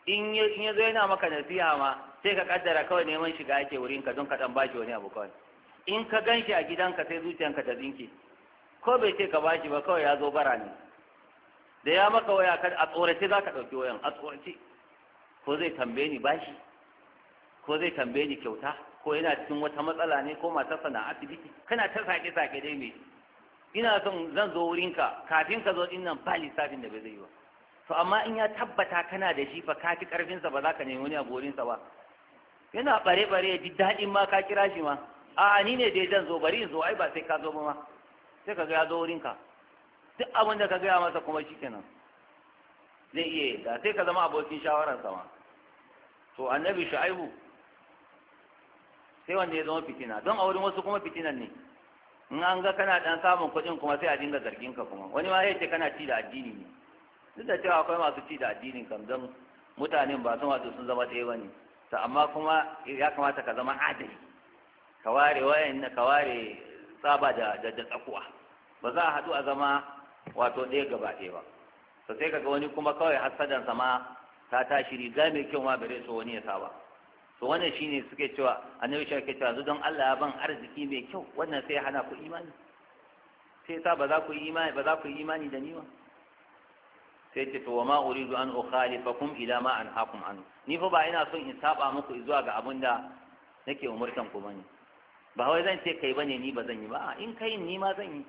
in ya zo yana maka nasiha ma sai ka kaddara kawai neman shiga ake wurin ka don ka dan shi wani abu kawai in ka gan shi a gidanka sai zuciyanka ta zinke ko bai ce ka bashi ba kawai ya zo bara ne da ya maka waya a tsorace za ka ɗauki wayan a tsorace ko zai tambaye ni bashi ko zai tambaye ni kyauta ko yana cikin wata matsala ne ko matarsa na asibiti kana ta sake sake dai me ina son zan zo wurinka kafin ka zo ɗin nan ba lissafin da bai zai yi ba to amma in ya tabbata kana da shi fa kafi fi karfinsa ba za ka nemi wani a burinsa ba yana bare bare ya ji daɗin ma ka kira shi ma a ni ne dai zan zo bari in zo ai ba sai ka zo ba ma sai ka ga ya zo wurinka duk abin da ka gaya masa kuma kenan zai iya yadda sai ka zama abokin shawararsa ma to annabi shu'aibu sai wanda ya zama fitina don a wurin wasu kuma fitinan ne in an ga kana dan samun kuɗin kuma sai a dinga zargin ka kuma wani ma yace kana ci da addini ne duk da cewa akwai masu ci da addinin kan zan mutanen ba sun wato sun zama ɗaya bane to amma kuma ya kamata ka zama adali ka ware wayan ka ware tsaba da da tsakuwa ba za a haɗu a zama wato ɗaya gaba ɗaya ba to sai kaga wani kuma kawai hasadansa sama ta tashi riga mai kyau ma bare so wani ya saba to wannan shine suke cewa annabi shi ke cewa yanzu don Allah ya ban arziki mai kyau wannan sai ya hana ku imani sai sa ba za ku imani ba za ku imani da ni ba sai ce to ma uridu an ukhalifakum ila ma hakum an ni fa ba ina son in saba muku zuwa ga abin da nake umurtan ku bane ba wai zan ce kai bane ni ba zan yi ba in kai ni ma zan yi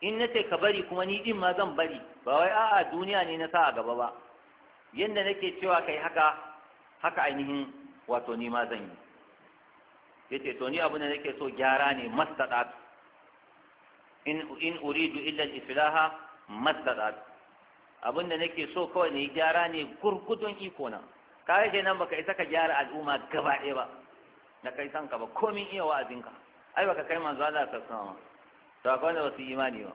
in na ce ka bari kuma ni din ma zan bari ba wai a'a duniya ne na sa a gaba ba yanda nake cewa kai haka haka ainihin wato ni ma zan yi yace to ni abin da nake so gyara ne mastadat in in uridu illa al-islaha mastadat abin da nake so kawai ne gyara ne gurgudun iko na ka ke nan baka isa ka gyara al'umma gaba ɗaya ba na kai san ka ba komin iya ka. ai baka kai manzo Allah ta sama to akwai wanda ba su imani ba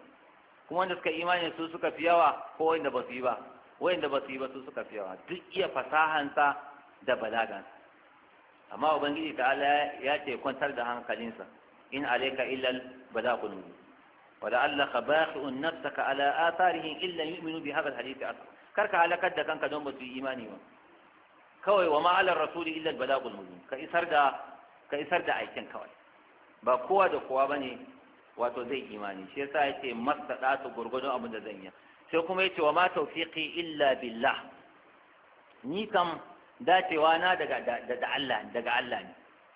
kuma wanda suka imani su suka fi yawa ko wanda ba su yi ba wanda ba su yi ba su suka fi yawa duk iya fasahansa da balagansa amma ubangiji ta Allah ya ce kwantar da hankalinsa in alayka illal balagul mubin ولعلك باخع نفسك على آثارهم إلا يؤمنوا بهذا الحديث أصلا كرك على قد كان كدوم بس إيماني ما كوي وما على الرسول إلا البلاغ المبين isar da aikin kawai. Ba كوي بقوة دا ba بني wato zai imani shi yasa yace ɗatu gurgudun abin da zan yi sai kuma yace wa ma tawfiqi illa billah ni kam dacewa na daga da Allah daga Allah ne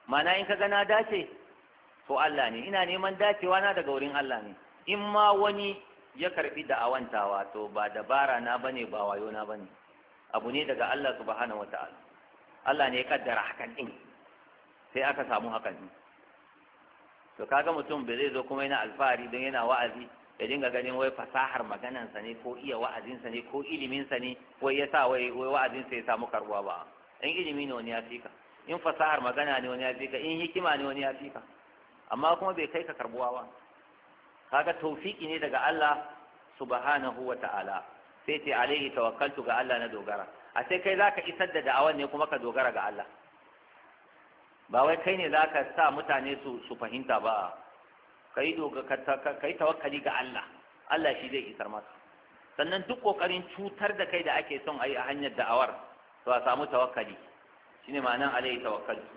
mana in ga na dace to Allah ne ina neman dacewa na daga wurin Allah ne in ma wani ya karbi da'awantawa to ba dabara na bane ba wayo na bane abu ne daga Allah subhanahu wata'ala Allah ne ya kaddara hakan din sai aka samu hakan din to kaga mutum bai zai zo kuma yana alfahari don yana wa'azi ya dinga ganin wai fasahar maganansa ne ko iya wa'azinsa ne ko iliminsa ne wai ya sa wai wa'azinsa ya samu karbuwa ba in ilimi ne wani ya fika in fasahar magana ne wani ya fika in hikima ne wani ya fika amma kuma bai kai ka karbuwa ba kaga tawfiki ne daga Allah subhanahu wa ta'ala sai ce alaihi tawakkaltu ga Allah na dogara a sai kai zaka isar da da'awar ne kuma ka dogara ga Allah ba wai kai ne zaka sa mutane su su fahimta ba kai doga kai tawakkali ga Allah Allah shi zai isar maka sannan duk kokarin cutar da kai da ake son ayi a hanyar da'awar to a samu tawakkali shine ma'anan alaihi tawakkaltu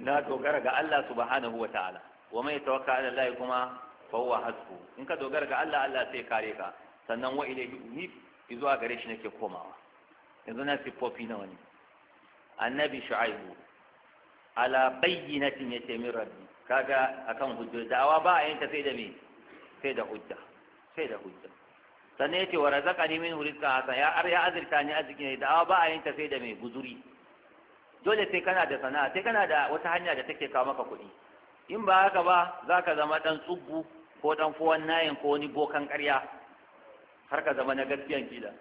na dogara ga Allah subhanahu wa ta'ala wa mai tawakkala Allah kuma fawwa hasku, hasbu in ka dogara ga Allah Allah sai kare ka sannan wa ilayhi unib zuwa gare shi nake komawa yanzu na sifofi na wani annabi shu'aibu ala bayyinatin yace min rabbi kaga akan hujja da'awa ba a yanka sai da me sai da hujja sai da hujja sannan yace wa razaqani min hurika hasan ya ar ya azirta ni azikin ne da'awa ba a yanka sai da me guzuri dole sai kana da sana'a sai kana da wata hanya da take kawo maka kuɗi in ba haka ba zaka zama dan tsubbu ko dan fuwan nayin ko wani bokan ƙarya har ka zama na gaskiyan kila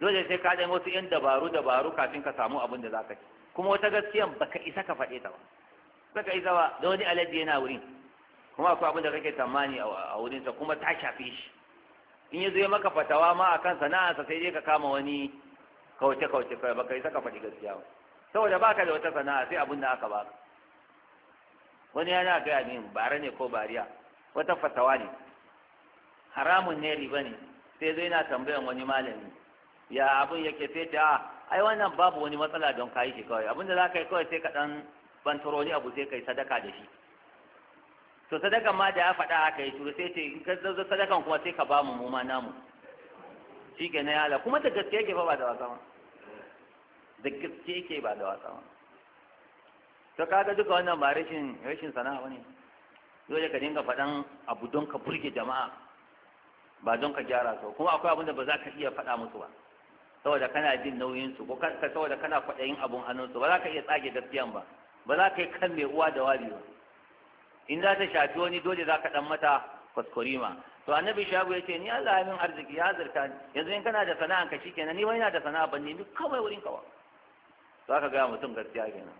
dole sai ka dan wasu yan dabaru dabaru kafin ka samu abin da zaka ci kuma wata gaskiyan baka isa ka faɗe ta ba baka isa ba da wani alaji yana wurin kuma akwai abin da kake tsammani a wurin sa kuma ta shafe shi in ya zo maka fatawa ma akan sana'arsa sai dai ka kama wani kauce kauce kai baka isa ka faɗi gaskiya ba saboda baka da wata sana'a sai abin da aka baka wani yana gaya min bare ne ko bariya wata fatawa ne haramun ne riba ne sai zai na tambayan wani malami ya abin yake sai ta a ah, ai wannan babu wani matsala don kayi shi kawai abinda za ka yi kawai sai ka dan bantaro ni abu sai kai sadaka da shi to sadakan ma da ya faɗa haka yi turu sai ce in ka zo sadakan kuma sai ka ba mu ma namu shi ke na yala kuma da gaske yake fa ba da wasa ma da gaske yake ba da wasa ma to kaga duka wannan ba rashin rashin sana'a ne dole ka dinga faɗan abu don ka burge jama'a ba don ka gyara su kuma akwai abin da ba za ka iya faɗa musu ba saboda kana jin nauyin su ko saboda kana kwaɗayin abun hannun su ba za ka iya tsage gaskiyan ba ba za ka yi kan mai uwa da wari ba in za ta shafi wani dole za ka ɗan mata kwaskwarima to annabi shagu ya ce ni Allah ya min arziki ya zarta ni yanzu in kana da sana'a ka kenan, ni wani na da sana'a ban nemi kawai wurin kawa za ka gaya mutum gaskiya kenan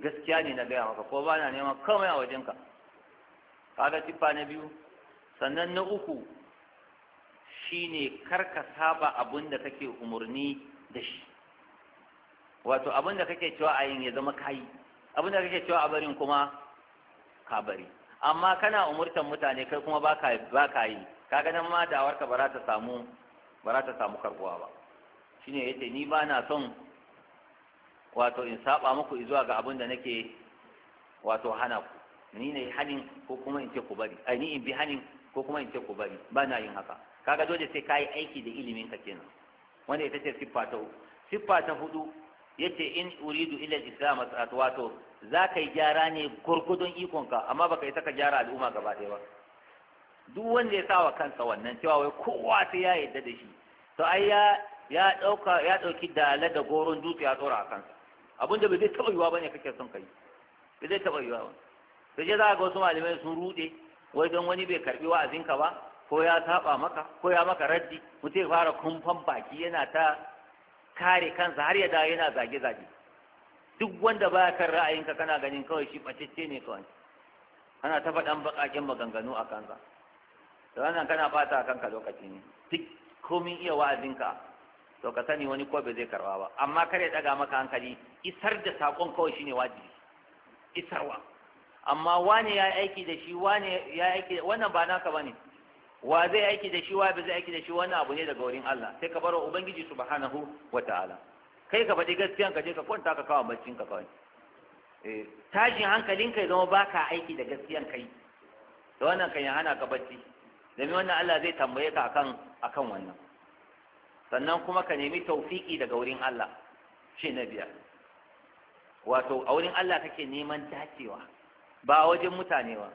gaskiya ne na gaya maka ko ba na neman kawai a wajenka kaga siffa na biyu sannan na uku shine karka saba abin da kake umarni da shi wato abin da kake cewa a yin ya zama kayi abin da kake cewa a barin kuma ka bari amma kana umurtan mutane kai kuma ba ka yi kaga nan ma da'awarka ba za ta samu ba za ta samu karbuwa ba shine yace ni ba na son wato in saba muku zuwa ga abin da nake wato hana ku ni ne hanin ko kuma in ce ku bari ai ni in bi hanin ko kuma in ce ku bari ba na yin haka kaga dole sai kayi aiki da ilimin ka kenan wanda ita ce siffa ta siffa ta hudu yace in uridu ila islam wato za ka yi gyara ne gurgudun ikonka amma baka yi ka gyara al'umma gaba ɗaya ba duk wanda ya sa wa kansa wannan cewa wai kowa sai ya yadda da shi to ai ya ya dauka ya dauki dala da goron dutse ya tsora a kansa abinda da bai zai taɓa yiwa bane kake son kai bai zai taɓa yiwa to je za ga wasu malamai sun rude wai don wani bai karbi wa'azinka ba ko ya saba maka ko ya maka raddi mutum ya fara kumfan baki yana ta kare kansa har ya dawo yana zage zage duk wanda baya kan ra'ayinka kana ganin kawai shi bacicce ne kawai ana ta faɗan baƙaƙen maganganu a kansa da wannan kana bata a kanka lokaci ne duk komin iya wa'azinka to ka sani wani ko bai zai karba ba amma kar ya daga maka hankali isar da sakon kawai shine wajibi isarwa amma wane ya aiki da shi wani ya aiki wannan ba naka bane wa zai aiki da shi wa ba zai aiki da shi wannan abu ne daga wurin Allah sai ka bar ubangiji subhanahu wataala kai ka faɗi gaskiyan ka je ka kwanta ka kawo baccin ka kawai eh tashin hankalin ka zama baka aiki da gaskiyan kai da wannan kan ya hana ka bacci domin wannan Allah zai tambaye ka akan akan wannan sannan kuma ka nemi tawfiki daga wurin Allah shi na biyar wato a wurin Allah kake neman dacewa ba wajen mutane ba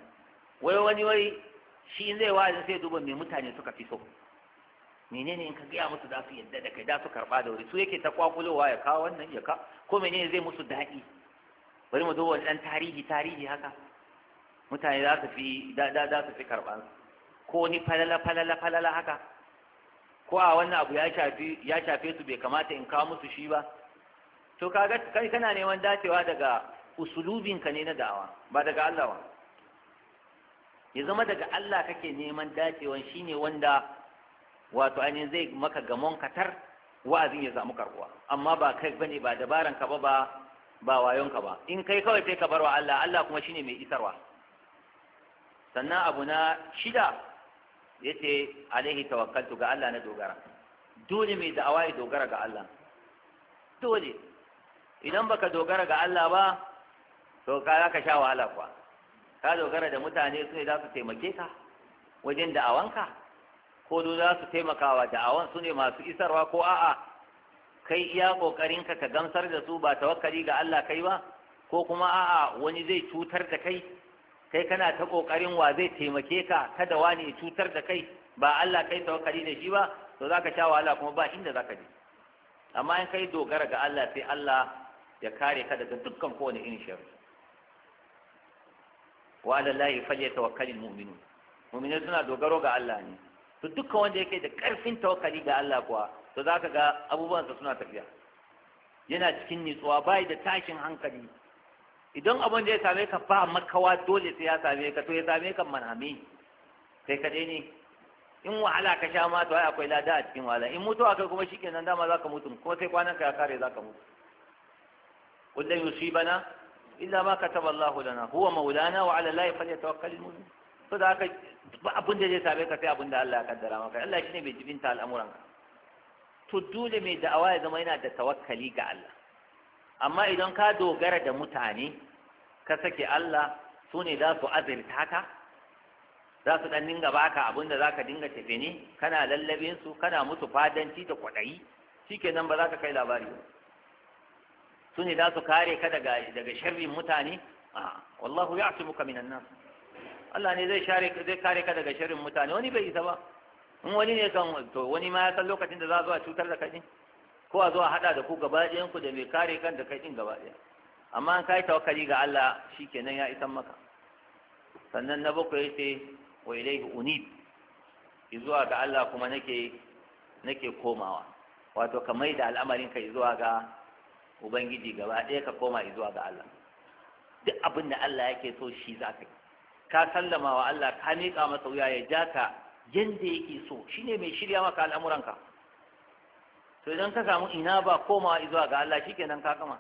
wai wani wai shi in zai wa'azin sai duba me mutane suka fi so menene in ka gaya musu za su yadda da kai za su karba da wuri su yake ta kwakulowa ya kawo wannan ya ka ko menene zai musu daɗi bari mu duba dan tarihi tarihi haka mutane za su fi da za su fi karban ko ni falala falala falala haka ko a wannan abu ya shafi ya shafe su bai kamata in kawo musu shi ba to kaga kai kana neman dacewa daga usulubinka ne na da'awa ba daga Allah ba ya zama daga Allah kake neman dacewan shine wanda wato ainihin zai maka gamon katar wa'azin ya samu karbuwa amma ba kai bane ba dabaran ka ba ba ba wayonka ba in kai kawai sai ka bar wa Allah Allah kuma shine mai isarwa sannan abu na shida yace alaihi tawakkaltu ga Allah na dogara dole mai da'awa ya dogara ga Allah dole idan baka dogara ga Allah ba to ka za ka sha wahala kuwa ka dogara da mutane su ne za su taimake ka wajen da'awanka ko do za su taimakawa da'awan su ne masu isarwa ko a'a kai iya kokarin ka gamsar da su ba tawakkali ga Allah kai ba ko kuma a'a wani zai cutar da kai kai kana ta kokarin wa zai taimake ka kada wani ya cutar da kai ba Allah kai tawakkali da shi ba to za ka sha wahala kuma ba inda za ka je amma in kai dogara ga Allah sai Allah ya kare ka daga dukkan kowane irin shari'a wa ala lahi falyatawakkalul mu'minu mu'minai suna dogaro ga Allah ne to duka wanda yake da karfin tawakkali ga Allah kuwa to zaka ga abubuwansa suna tafiya yana cikin nitsuwa bai da tashin hankali idan abin da ya same ka ba makawa dole sai ya same ka to ya same ka manami kai kadai ne in wahala ka sha ma to ai akwai lada a cikin wahala in mutuwa kai kuma shikenan dama zaka mutu ko sai kwanan ka ya kare zaka mutu kullum yusibana illa ma kataba Allah lana huwa maulana wa ala Allah falyatawakkal almu'min to da aka, ba da zai same ka sai abun da Allah ya kaddara maka Allah shine bai jibinta al'amuran ka to dole mai da'awa ya zama yana da tawakkali ga Allah amma idan ka dogara da mutane ka sake Allah su ne za su azirta ka za su dan dinga baka abun da zaka dinga tafe ne kana lallabin su kana musu fadanci da kwaɗayi shikenan ba za ka kai labari ba su ne za su kare ka daga daga sharrin mutane a wallahu ya'tumuka minan nas Allah ne zai share zai kare ka daga sharrin mutane wani bai isa ba in wani ne kan to wani ma ya san lokacin da za a zo a cutar da kai ko a zo a hada da ku gaba ɗayan ku da mai kare kan da kai din gaba ɗaya amma an kai tawakkali ga Allah shikenan ya isan maka sannan na bakwai yace wa ilayhi unib zuwa ga Allah kuma nake nake komawa wato ka maida al'amarin ka zuwa ga ubangiji gaba ɗaya ka koma zuwa ga Allah duk abin da Allah yake so shi za ka yi ka sallama wa Allah ka miƙa masa wuya ya ja ka yanda yake so shine mai shirya maka al'amuranka to idan ka samu ina ba komawa izuwa ga Allah shi kenan ka kama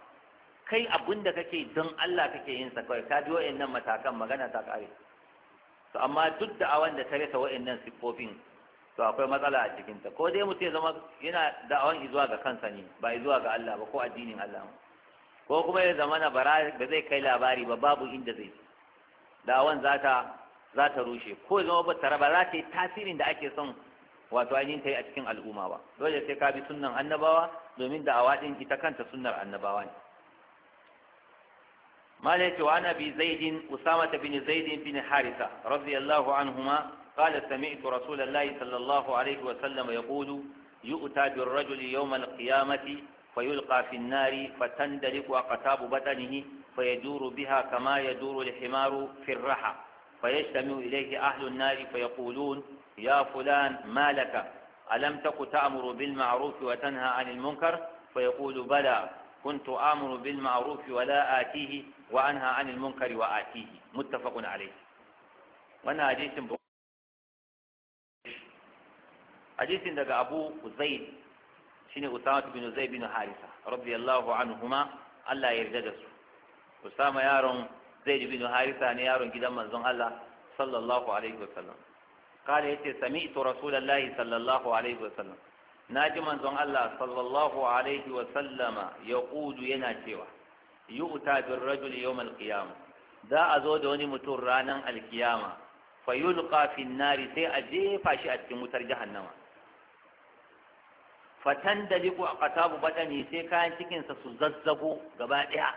kai abin da kake don Allah kake yin sa kawai ka bi wa'annan matakan magana ta kare to amma duk da awan da ta rasa wa'annan siffofin to akwai matsala a cikinta ko dai mutum ya zama yana da'awan zuwa ga kansa ne ba zuwa ga Allah ba ko addinin Allah ko kuma ya zama na bara ba zai kai labari ba babu inda zai da'awan za ta za rushe ko ya zama ba tara ba za ta yi tasirin da ake son wato ainihin ta yi a cikin al'umma ba dole sai ka bi sunnan annabawa domin da'awa din ita kanta sunnar annabawa ne مالك ليت وعن ابي زيد اسامه بن زيد بن حارثه رضي الله عنهما قال سمعت رسول الله صلى الله عليه وسلم يقول يؤتى بالرجل يوم القيامة فيلقى في النار فتندلق أقتاب بطنه فيدور بها كما يدور الحمار في الرحى فيجتمع إليه أهل النار فيقولون يا فلان ما لك ألم تك تأمر بالمعروف وتنهى عن المنكر فيقول بلى كنت آمر بالمعروف ولا آتيه وأنهى عن المنكر وآتيه متفق عليه وانا أجيس hadisin daga abu zaid shine usama bin zaid bin harisa radiyallahu anhuma Allah ya yarda da su usama yaron zaid bin harisa ne yaron gidan manzon Allah sallallahu alaihi wasallam قال يتي سمعت رسول الله صلى الله عليه وسلم ناجي منزون الله صلى الله عليه وسلم يقول ينا cewa يؤتى بالرجل يوم القيامة da a zo da wani mutum ranar alkiyama fa yulqa fi nari sai a jefa shi a cikin wutar jahannama fatan da liku a katabu batani sai kayan cikinsa su zazzago gaba ɗaya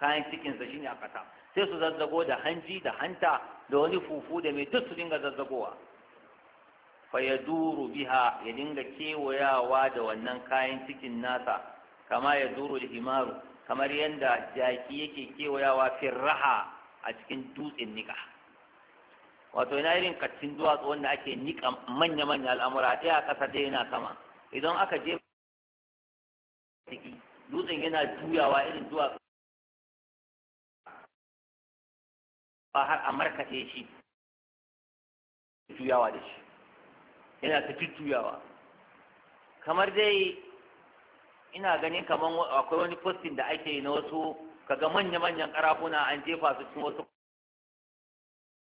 kayan cikinsa shine a kata sai su zazzago da hanji da hanta da wani fufu da mai duk su dinga zazzagowa fa ya duru biha ya dinga kewayawa da wannan kayan cikin nasa kama ya duru himaru kamar yadda jaki yake kewayawa firraha a cikin dutsen nika wato yana irin kattin duwatsu wanda ake nika manya-manya al'amura ɗaya ƙasa ɗaya yana sama idan aka je ciki dutsen yana juyawa irin zuwa ba har a markace shi juyawa da shi yana ta juyawa kamar dai ina ganin kamar akwai wani postin da ake yi na wasu kaga manya-manyan karafuna an jefa su cikin wasu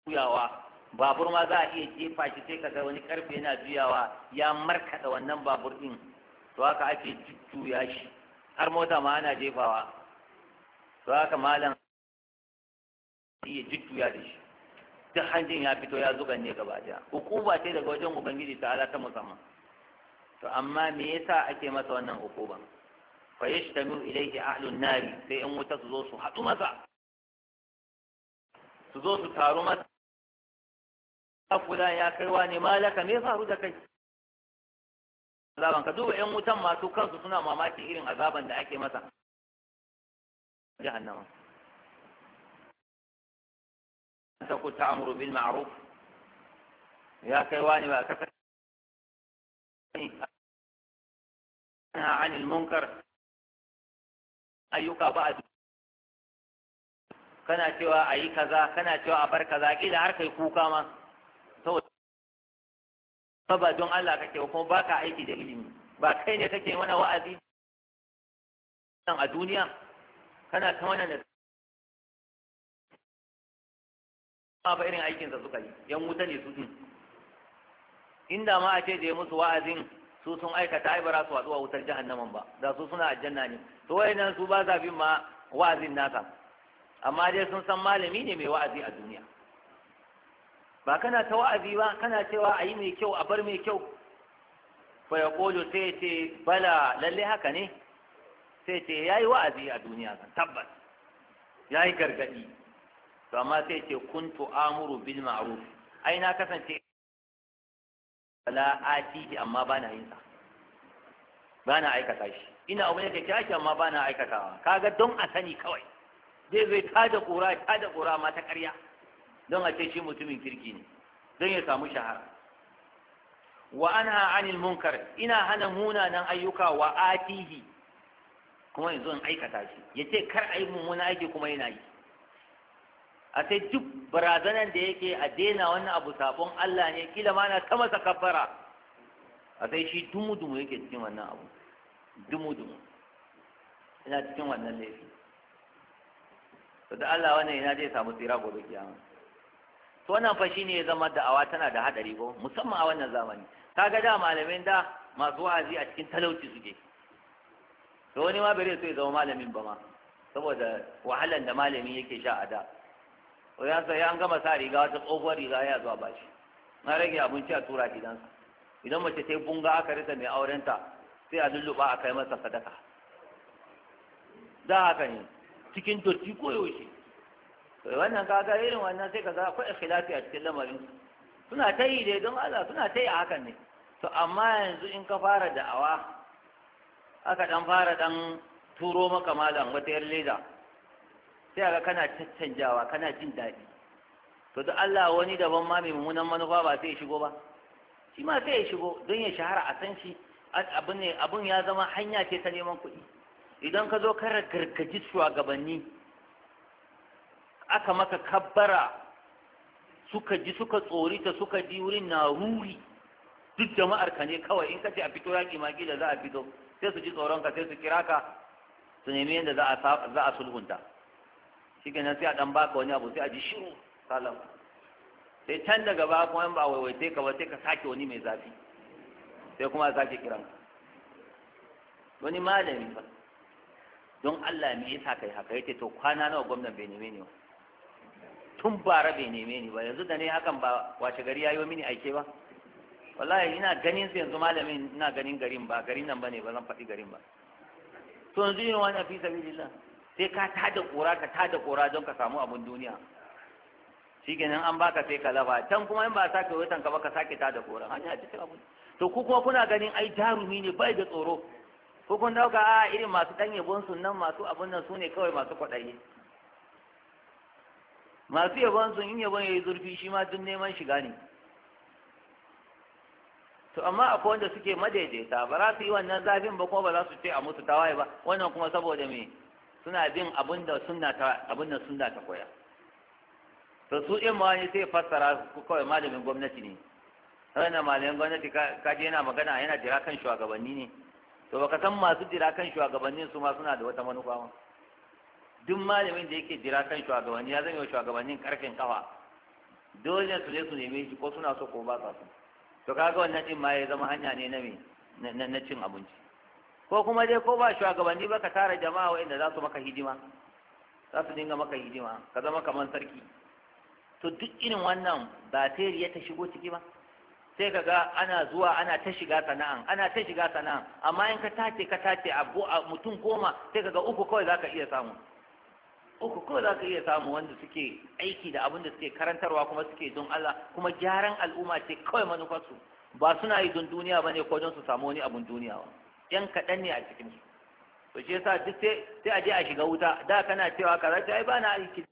juyawa babur ma za a iya jefa shi sai kaga wani karfe yana juyawa ya markaɗa wannan babur ɗin to haka ake jujjuya shi har mota ma ana jefawa to haka malam iya jujjuya da shi duk hanjin ya fito ya zuga ne gaba daya hukuma ce daga wajen ubangiji ta ala ta musamman to amma me yasa ake masa wannan hukuban fa yashtamu ilayhi ahlun nari sai in wuta su zo su haɗu masa su zo su taru masa akula ya kaiwa ne malaka me faru da kai azaban ka duba yan wutan masu kansu suna mamaki irin azaban da ake masa jahannama ta ku ta'amuru bil ma'ruf ya kaiwa ne ba ka anil munkar ayyuka ba kana cewa ayi kaza kana cewa a bar kaza kila har kai kuka ma fa ba don Allah kake ba kuma baka aiki da ilimi ba kai ne kake mana wa'azi nan a duniya kana ta wannan da ba irin aikin da suka yi yan wuta ne su din inda ma a ce da ya musu wa'azin su sun aikata ai ba su watsu wutar jahannaman ba da su suna aljanna ne to wayannan su ba za bin ma wa'azin nasa amma dai sun san malami ne mai wa'azi a duniya ba kana ta wa'azi ba kana cewa a yi mai kyau a bar mai kyau fa ya kolo sai ya ce bala lalle haka ne sai ce ya yi wa'azi a duniya kan tabbas ya yi gargaɗi to amma sai ce kuntu amuru bil ma'ruf ai na kasance bala atihi amma ba na yin sa ba na aikata shi ina abu ne ke amma ba na aikatawa kaga don a sani kawai zai zai da kura da kura ma ta ƙarya don a ce shi mutumin kirki ne don ya samu shahara wa anha anil munkar ina hana munanan ayyuka wa atihi kuma yanzu in aikata shi ya ce kar a yi mummuna aiki kuma yana yi a sai duk barazanan da yake a daina wannan abu sabon Allah ne kila ma na sama sa kafara a sai shi dumu-dumu yake cikin wannan abu dumu-dumu ina cikin wannan laifi to da Allah wannan ina zai samu tsira gobe kiyama to wannan fa shine ya zama da'awa tana da hadari ko musamman a wannan zamani kaga da malamin da masu wa'azi a cikin talauci suke to wani ma bare so ya zama malamin ba ma saboda wahalan da malami yake sha a da O ya sai an gama sa riga wata tsohuwar riga ya zuwa bashi na rage abinci a tura gidansa idan mace ta yi bunga aka rika mai aurenta sai a lulluɓa a kai masa sadaka da haka ne cikin dotti ko yaushe wannan kaga irin wannan sai ka ga akwai ikhilafi a cikin lamarin suna ta yi dai don Allah suna ta yi a hakan ne to amma yanzu in ka fara da'awa aka dan fara dan turo maka malam wata yar leda sai ga kana caccanjawa kana jin daɗi to duk Allah wani daban ma mai mummunan manufa ba sai ya shigo ba shi ma sai ya shigo don ya shahara a san shi abun ya zama hanya ce ta neman kuɗi idan ka zo ka ragargaji shugabanni aka maka kabbara suka ji suka tsorita suka ji wurin na ruri duk jama'ar ka ne kawai in kace a fito yaƙi ma da za a fito sai su ji tsoron ka sai su kira ka su nemi yadda za a za a sulhunta shikenan sai a dan baka wani abu sai a ji shiru salam sai can daga ba kuma in ba waiwaite ka ba sai ka sake wani mai zafi sai kuma a sake kiran wani malami don Allah me yasa kai haka yake to kwana nawa gwamnan bai neme ne ba tun bara bai neme ni ba yanzu da ne hakan ba wace gari ya yi mini aike ba wallahi ina ganin su yanzu malamin ina ganin garin ba garin nan bane ba zan faɗi garin ba to yanzu yin wani fi sabilillah sai ka tada kora ka tada kora don ka samu abun duniya shikenan an baka sai ka lafa can kuma in ba sa ka wutan ka ba ka sake tada kora hanya cikin abun to ku kuma kuna ganin ai jarumi ne bai da tsoro ko kun dauka a irin masu danye yabon nan masu abun nan sune kawai masu kwaɗayi masu yabon sun in yabon ya yi zurfi shi ma duk neman shiga ne to amma akwai wanda suke madaidaita ba za su yi wannan zafin ba kuma ba za su ce a mutu tawaye ba wannan kuma saboda me suna bin abin da sunna ta abin da sunna ta koya to su in ma ne sai fassara kawai malamin gwamnati ne wannan malamin gwamnati ka je yana magana yana jira kan shugabanni ne to baka san masu jira kan shugabannin su ma suna da wata manufa ma duk malamin da yake jira kan shugabanni ya zama shugabannin karfin kafa dole su ne su neme shi ko suna so ko ba su so to kaga wannan din ma ya zama hanya ne na me na cin abinci ko kuma dai ko ba shugabanni ba ka tara jama'a inda za su maka hidima za su dinga maka hidima ka zama kamar sarki to duk irin wannan ba ya ta shigo ciki ba sai ka ga ana zuwa ana ta shiga sana'an ana ta shiga sana'an amma in ka tace ka tace abu a mutum goma sai ka ga uku kawai za ka iya samu uku kawai za ka iya samu wanda suke aiki da abin da suke karantarwa kuma suke don Allah kuma gyaran al'umma ce kawai manufarsu ba suna yi don duniya ba ne ko don su samu wani abin duniya ba yan kaɗan ne a cikinsu to shi yasa duk sai a je a shiga wuta da kana cewa kaza ta yi ba na aiki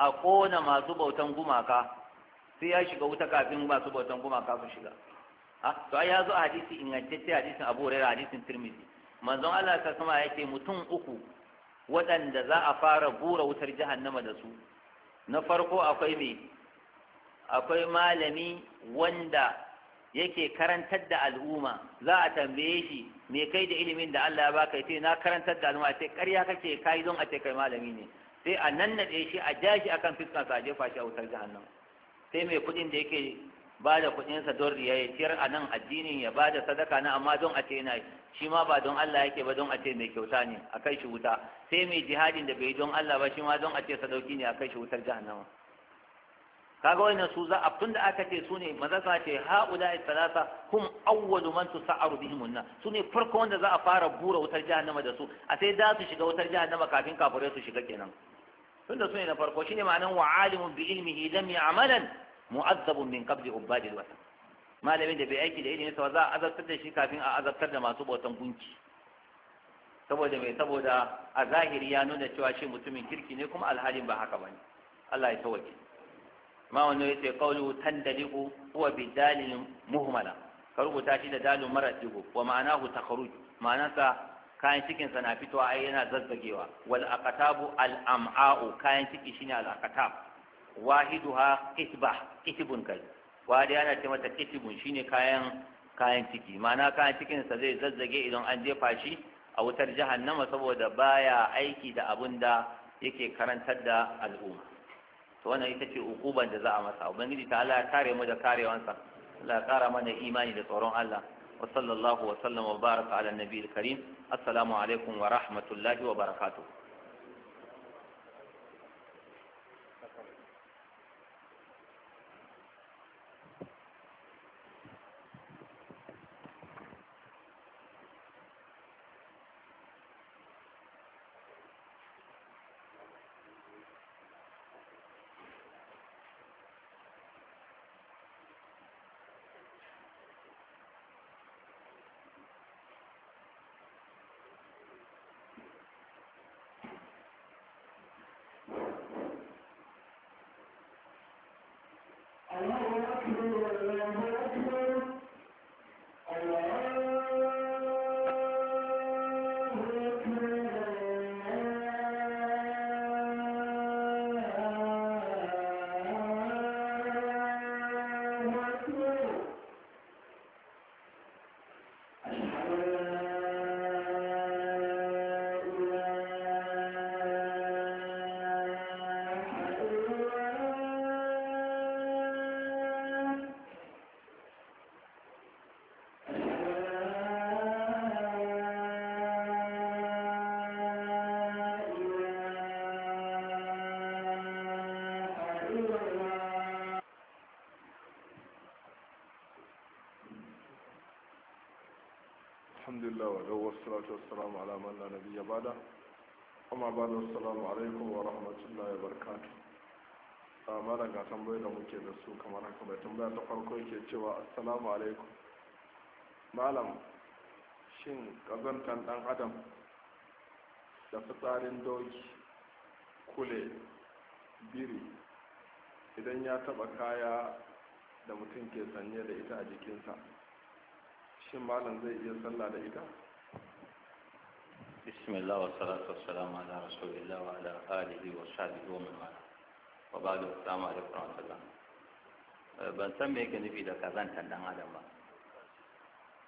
a kona masu bautan gumaka sai ya shiga wuta kafin masu bautan gumaka su shiga to ai ya zo a hadisi ingantacce hadisin Abu Hurairah hadisin Tirmidhi manzon Allah ta sama yake mutum uku waɗanda za a fara bura wutar jahannama da su na farko akwai me akwai malami wanda yake karantar da al'umma za a tambaye shi me kai da ilimin da Allah ya baka yace na karantar da al'umma sai ƙarya kake kai don a ce kai malami ne sai a nan nannaɗe shi a ja shi akan fiskan sa a jefa shi a wutar jahannam sai mai kuɗin da yake ba da kuɗinsa don riya ya ciyar a nan addinin ya ba da sadaka na amma don a ce yana shi ma ba don Allah yake ba don a ce mai kyauta ne a kai shi wuta sai mai jihadin da bai don Allah ba shi ma don a ce sadauki ne a kai shi wutar jahannama kaga wannan su za a tun da aka ce su ne maza sa ce haula salasa hum awwalu man tusaru bihim anna su ne farko wanda za a fara bura wutar jahannama da su a sai za su shiga wutar jahannama kafin kafirai su shiga kenan tunda sune na farko shine ma'anan wa alimun bi ilmihi lam ya'malan mu'azzabun min qabli ubadil watan malamin da bai aiki da ilimi sa za a azabtar da shi kafin a azabtar da masu bautan gunki saboda mai saboda a zahiri ya nuna cewa shi mutumin kirki ne kuma alhalin ba haka bane Allah ya tawaki ma wannan yace qawlu tandaliqu huwa bidalil muhmala ka rubuta shi da dalil mara digo wa ma'anahu takharuj ma'anarsa kayan cikinsa na fitowa ai yana zazzagewa wal aqtabu al am'a'u kayan ciki shine al aqtab wahiduha kitba kitibun kai wadi yana ce mata kitibun shine kayan kayan ciki ma'ana kayan cikin sa zai zazzage idan an jefa shi a wutar jahannama saboda baya aiki da abun da yake karantar da al'umma to wannan ita ce ukuban da za a masa ubangiji ta Allah ya kare mu da karewansa Allah ya kara mana imani da tsoron Allah وصلى الله وسلم وبارك على النبي الكريم السلام عليكم ورحمة الله وبركاته أكبر الله أكبر salatu wassalamu ala man la nabiyya ba'da amma ba'da assalamu alaikum wa rahmatullahi wa barakatuh a ah, mara ga tambayoyi da muke da su kamar haka bai tambaya ta farko yake cewa assalamu alaikum malam shin kazantan dan adam da fitsarin doki kule biri idan ya taba kaya da mutum ke sanye da ita a jikinsa shin malam zai iya sallah da ita بسم الله والصلاة والسلام على رسول الله وعلى آله وصحبه ومن والاه وبعد السلام عليكم ورحمة الله ban san me yake nufi da kazantar dan adam ba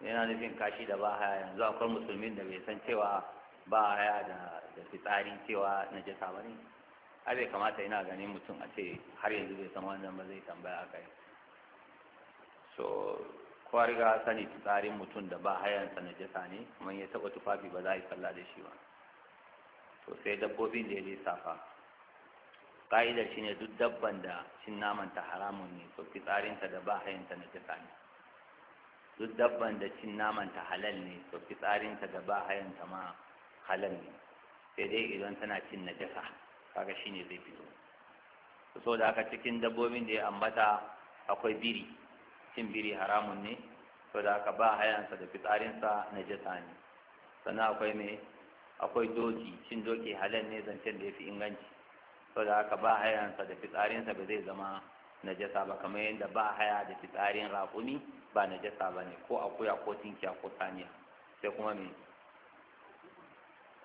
yana nufin kashi da haya yanzu akwai musulmin da bai san cewa bahaya da da fitsari cewa na jasa ba ne har bai kamata yana ganin mutum a ce har yanzu bai san wannan ba zai tambaya a kai so kwariga sani tsarin mutum da ba hayansa na jasa ne kuma ya taɓa tufafi ba za a yi sallah da shi ba to sai dabbobin da ya safa ka'idar shi ne duk dabban da cin naman ta haramun ne to fitsarinta da ba hayanta na jasa ne duk dabban da cin naman ta halal ne to fitsarinta da ba ta ma halal ne sai dai idan tana cin na jaka, kaga shine zai fito to da haka cikin dabbobin da ya ambata akwai biri cin biri haramun ne to da aka ba hayansa da fitsarinsa na jasa ne sannan akwai ne? akwai doki cin doki halal ne zancen da ya fi inganci to da aka ba hayansa da fitsarinsa ba zai zama na najasa ba kamar yadda ba haya da fitsarin raƙumi ba na najasa ba ne ko akuya ko tinkiya ko saniya sai kuma mai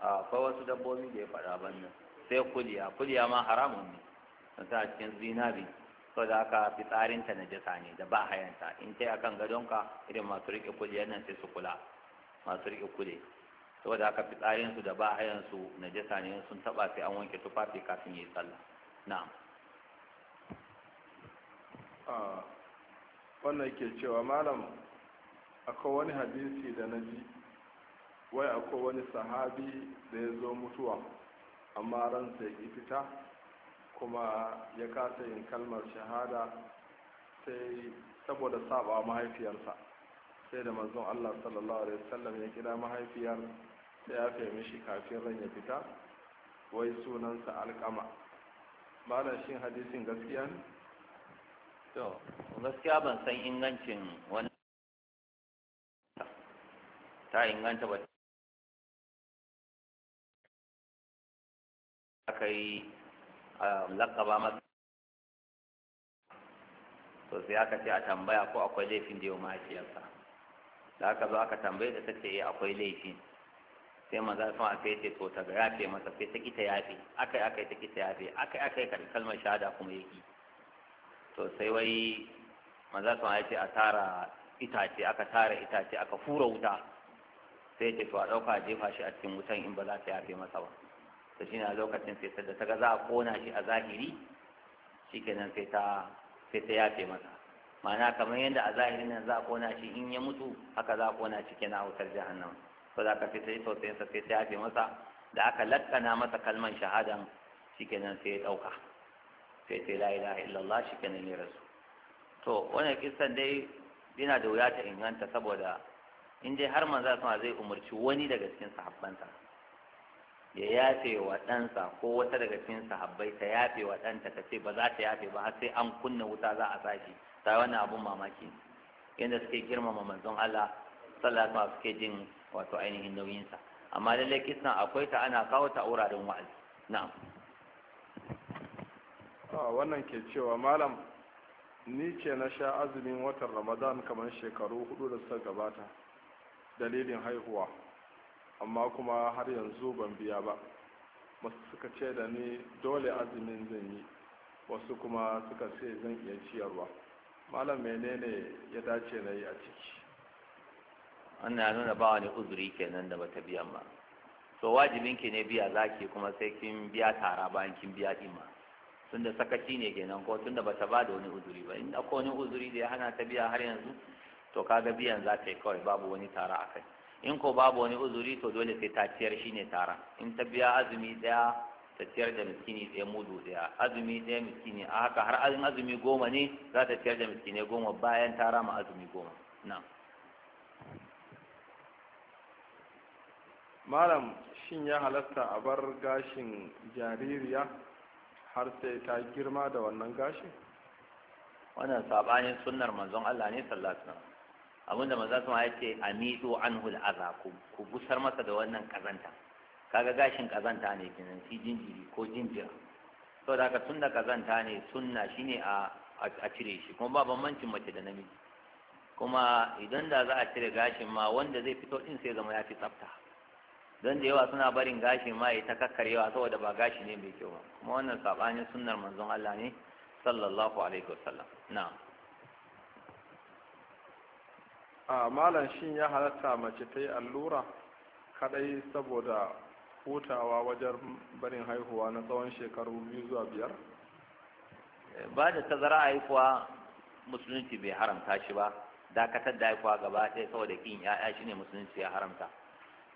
akwai wasu dabbobi da ya faɗa ban nan sai kuliya kuliya ma haramun ne ta cikin zinabi so da aka fi tsarinta na jasa ne da ba hayanta in ta akan gadonka irin masu riƙe kule nan sai su kula masu riƙe kule aka fi tsarinsu da ba hayansu na jasa ne sun taɓa sai an wanke tufafi kafin yi sallah na'am wannan ke cewa malam akwai wani hadisi da na ji wai akwai wani sahabi da ya zo mutuwa amma ransa ya fita kuma ya kasa yin kalmar shahada sai saboda saba mahaifiyarsa sai da manzon Allah sallallahu alaihi wasallam ya kira mahaifiyar sai ya fahimci mishi kafin ran ya fita wai sunansa alkama malam shin hadisin gaskiya ne to gaskiya ban san ingancin wani ta inganta ba ta yi Um, lakaba masa to sai aka ce a tambaya ko akwai laifin da yau mahaifiyarsa da aka zo aka tambaye da ta ce eh, akwai laifin sai maza sun aka ce to ta yafe masa sai ta kita yafe akai akai ta kita yafe akai akai ka kalmar shahada kuma yake to sai wai maza sun ya ce a tara itace aka tara itace aka fura wuta sai ce to a ɗauka a jefa shi a cikin wutan in ba za ta yafe masa ba to shi a lokacin fesa da ta ga za a kona shi a zahiri shikenan sai ta sai ta yafe masa ma'ana kamar yadda a zahirin nan za a kona shi in ya mutu haka za a kona shi kenan a wutar jahannama ko za ka sai ta yi sa sai ta yafe masa da aka lakkana masa kalman shahadan shikenan sai ya ɗauka sai sai la ilaha illallah shikenan ya rasu to wannan kisan dai yana da wuya ta inganta saboda in dai har manzo sama zai umarci wani daga cikin sahabbansa ya yafe wa ɗansa ko wata daga cikin sahabbai ta yafe wa ɗanta ta ce ba za ta yafe ba har sai an kunna wuta za a sashi ta wannan abun mamaki yadda suke girmama manzon Allah sallallahu alaihi suke jin wato ainihin nauyin sa amma lallai kisan akwai ta ana kawo ta wuraren wa'azi na'am ah, wannan ke cewa malam ni ce na sha azumin watan ramadan kamar shekaru hudu da suka gabata dalilin haihuwa amma kuma har yanzu ban biya ba wasu suka ce da ni dole azumin zan yi wasu kuma suka ce zan iya ciyarwa malam menene ya dace na yi a ciki an na nuna ba wani uzuri kenan da bata biyan ba so wajibin ki ne biya zaki kuma sai kin biya tara bayan kin biya ɗima tunda sakaci ne kenan ko tunda bata ba da wani uzuri ba in akwai wani uzuri da ya hana ta biya har yanzu to kaga biyan za ta yi kawai babu wani tara a kai in ko babu wani uzuri to dole sai ta ciyar shine tara in ta biya azumi daya ta ciyar da miskini daya mudu daya azumi daya miskini a haka har azumi azumi goma ne za ta ciyar da miskini goma bayan tara ma azumi goma na malam shin ya halatta a bar gashin jaririya har sai ta girma da wannan gashin wannan sabanin sunnar manzon Allah ne sallallahu alaihi wasallam abinda maza su ya ce a amidu an aza ku busar masa da wannan kazanta kaga gashin kazanta ne kenan shi jinjiri ko jinjira saboda haka tun da kazanta ne sunna shine a a cire shi kuma ba bambancin mace da namiji kuma idan da za a cire gashin ma wanda zai fito din sai zama ya fi tsafta don da yawa suna barin gashin ma ya ta kakkarewa saboda ba gashi ne mai kyau ba kuma wannan sabanin sunnar manzon Allah ne sallallahu alaihi wasallam na'am a malam shin ya halatta mace ta yi allura kadai saboda hutawa wajen barin haihuwa na tsawon shekaru biyu zuwa biyar eh, ba da tazara haihuwa musulunci bai haramta shi ba dakatar da haihuwa gaba ɗaya saboda kin ya'ya shine musulunci ya haramta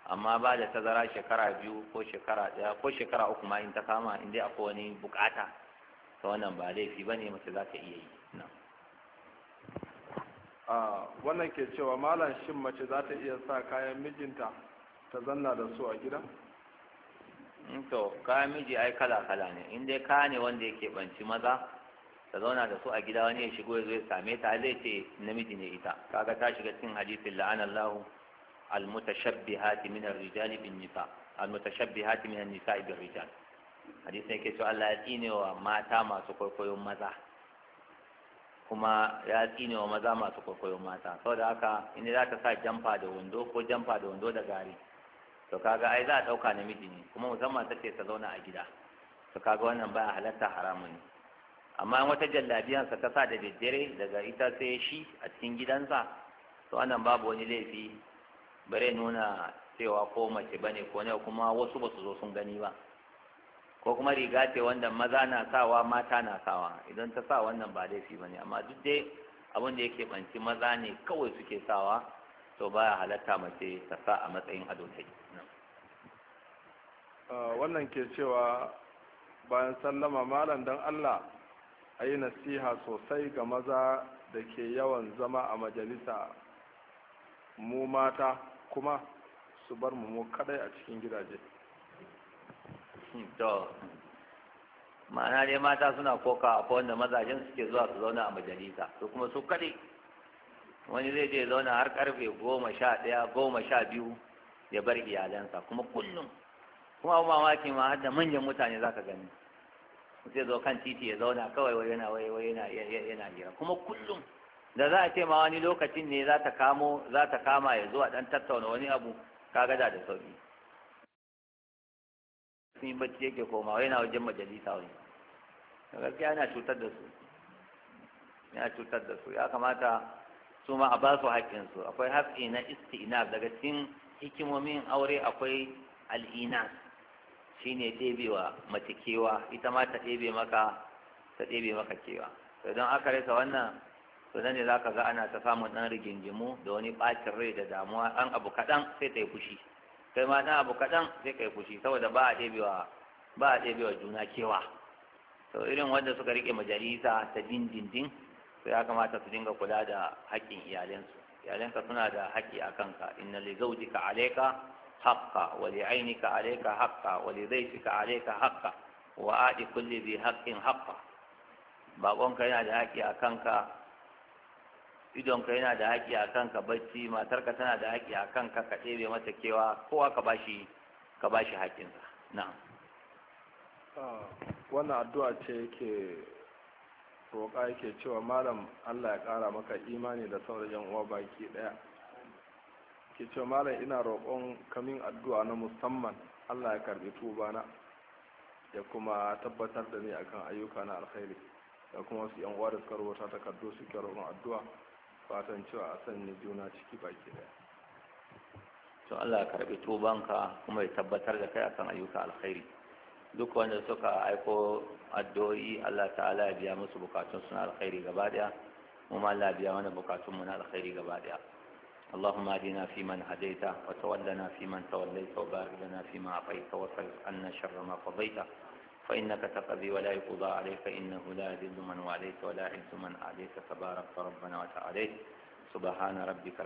amma ba da tazara shekara biyu ko shekara ɗaya ko shekara uku ma in ta kama in dai akwai wani bukata ta wannan ba laifi ba ne mace za ta iya yi wannan ke cewa malam shin mace za ta iya sa kayan mijinta ta zanna da su a gida? Mm, to kayan miji ai kala-kala ne in dai kaya ne wanda yake banci maza ta zauna da su a gida wani ya shigo ya zo ya same ta zai ce namiji ne ita kaga ta shiga cikin hadisin la'anallahu almutashabbihati min ar-rijali bin nisa almutashabbihati min an-nisa bin rijal hadisin yake cewa Allah ya tsine wa mata masu kwaikwayon maza kuma ya tsine wa maza masu kwaikwayo mata saboda haka inda za ta sa jamfa da wando ko jamfa da wando da gari to kaga ai za a ɗauka namiji ne kuma musamman ta ce ta zauna a gida to kaga wannan baya halatta haramun ne amma in wata jallabiyansa ta sa da daddare daga ita sai shi a cikin gidansa to wannan babu wani laifi bare nuna cewa ko mace bane ko ne kuma wasu ba su zo sun gani ba ko kuma riga ce wanda maza na sawa mata na sawa idan ta sa wannan ba laifi bane amma duk dai abin da yake banci maza ne kawai suke sawa to baya halatta mace ta sa a matsayin ado ta ah, wannan ke cewa bayan sallama malam don Allah a yi nasiha sosai ga maza da ke yawan zama a majalisa mu mata kuma su bar mu kadai a cikin gidaje. to ma'ana dai mata suna koka akwai wanda mazajen suke zuwa su zauna a majalisa to kuma su kaɗai wani zai je zauna har karfe goma sha ɗaya goma sha biyu ya bar iyalansa kuma kullum kuma abu mamaki ma har da manyan mutane za ka gani zai zo kan titi ya zauna kawai wai yana wai wai yana yana hira kuma kullum da za a ce ma wani lokacin ne za ta kamo za ta kama ya zuwa dan tattauna wani abu kaga da da sauki sun yi bacci yake yana wajen majalisa wani gaskiya yana cutar da su yana cutar da su ya kamata su ma a ba su haƙƙinsu akwai haƙƙi na isti'inaf daga cikin hikimomin aure akwai al'inas shine ɗebewa mace kewa ita ma ta ɗebe maka ta ɗebe maka kewa don aka rasa wannan to nan ne za ka ga ana ta samun ɗan rigingimu da wani ɓacin rai da damuwa ɗan abu kaɗan sai ta yi fushi kai ma dan abu kaɗan sai kai fushi saboda ba a ɗebewa ba a ɗebewa juna kewa to irin wanda suka rike majalisa ta dindindin to ya kamata su dinga kula da haƙƙin iyalansu iyalanka suna da haƙƙi a kanka inna li zawjika alayka haqqa wa li aynika alayka haqqa wa li dhayfika alayka haqqa wa adi kulli bi haqqin haqqa baƙonka yana da haƙƙi a kanka idonka yana da haƙƙi a kanka bacci matarka tana da haƙƙi a kanka ka ɗebe mata kewa kowa ka shi ka shi haƙƙinsa na. Ah, wannan addu'a ce yake roƙa yake cewa malam Allah ya ƙara maka imani da saurin yan uwa baki ɗaya ke cewa malam ina roƙon kamin addu'a na musamman Allah ya karɓi tubana ya kuma tabbatar da ni akan ayyuka na alkhairi da kuma wasu yan uwa da suka rubuta takardu suke roƙon addu'a fatan cewa a sanya juna ciki baki daya to Allah ya karbi tubanka kuma ya tabbatar da kai akan ayyuka alkhairi duk wanda suka aiko addu'o'i Allah ta'ala ya biya musu bukatun suna alkhairi gaba daya kuma Allah ya biya mana bukatun mu na alkhairi gaba daya اللهم اهدنا فيمن هديت وتولنا فيمن توليت وبارك لنا فيما اعطيت وصرف عنا شر ما قضيت فإنك تقضي ولا يقضى عليه فإنه لا يذل من واليت ولا يعز من عليك تبارك ربنا وتعاليك سبحان ربك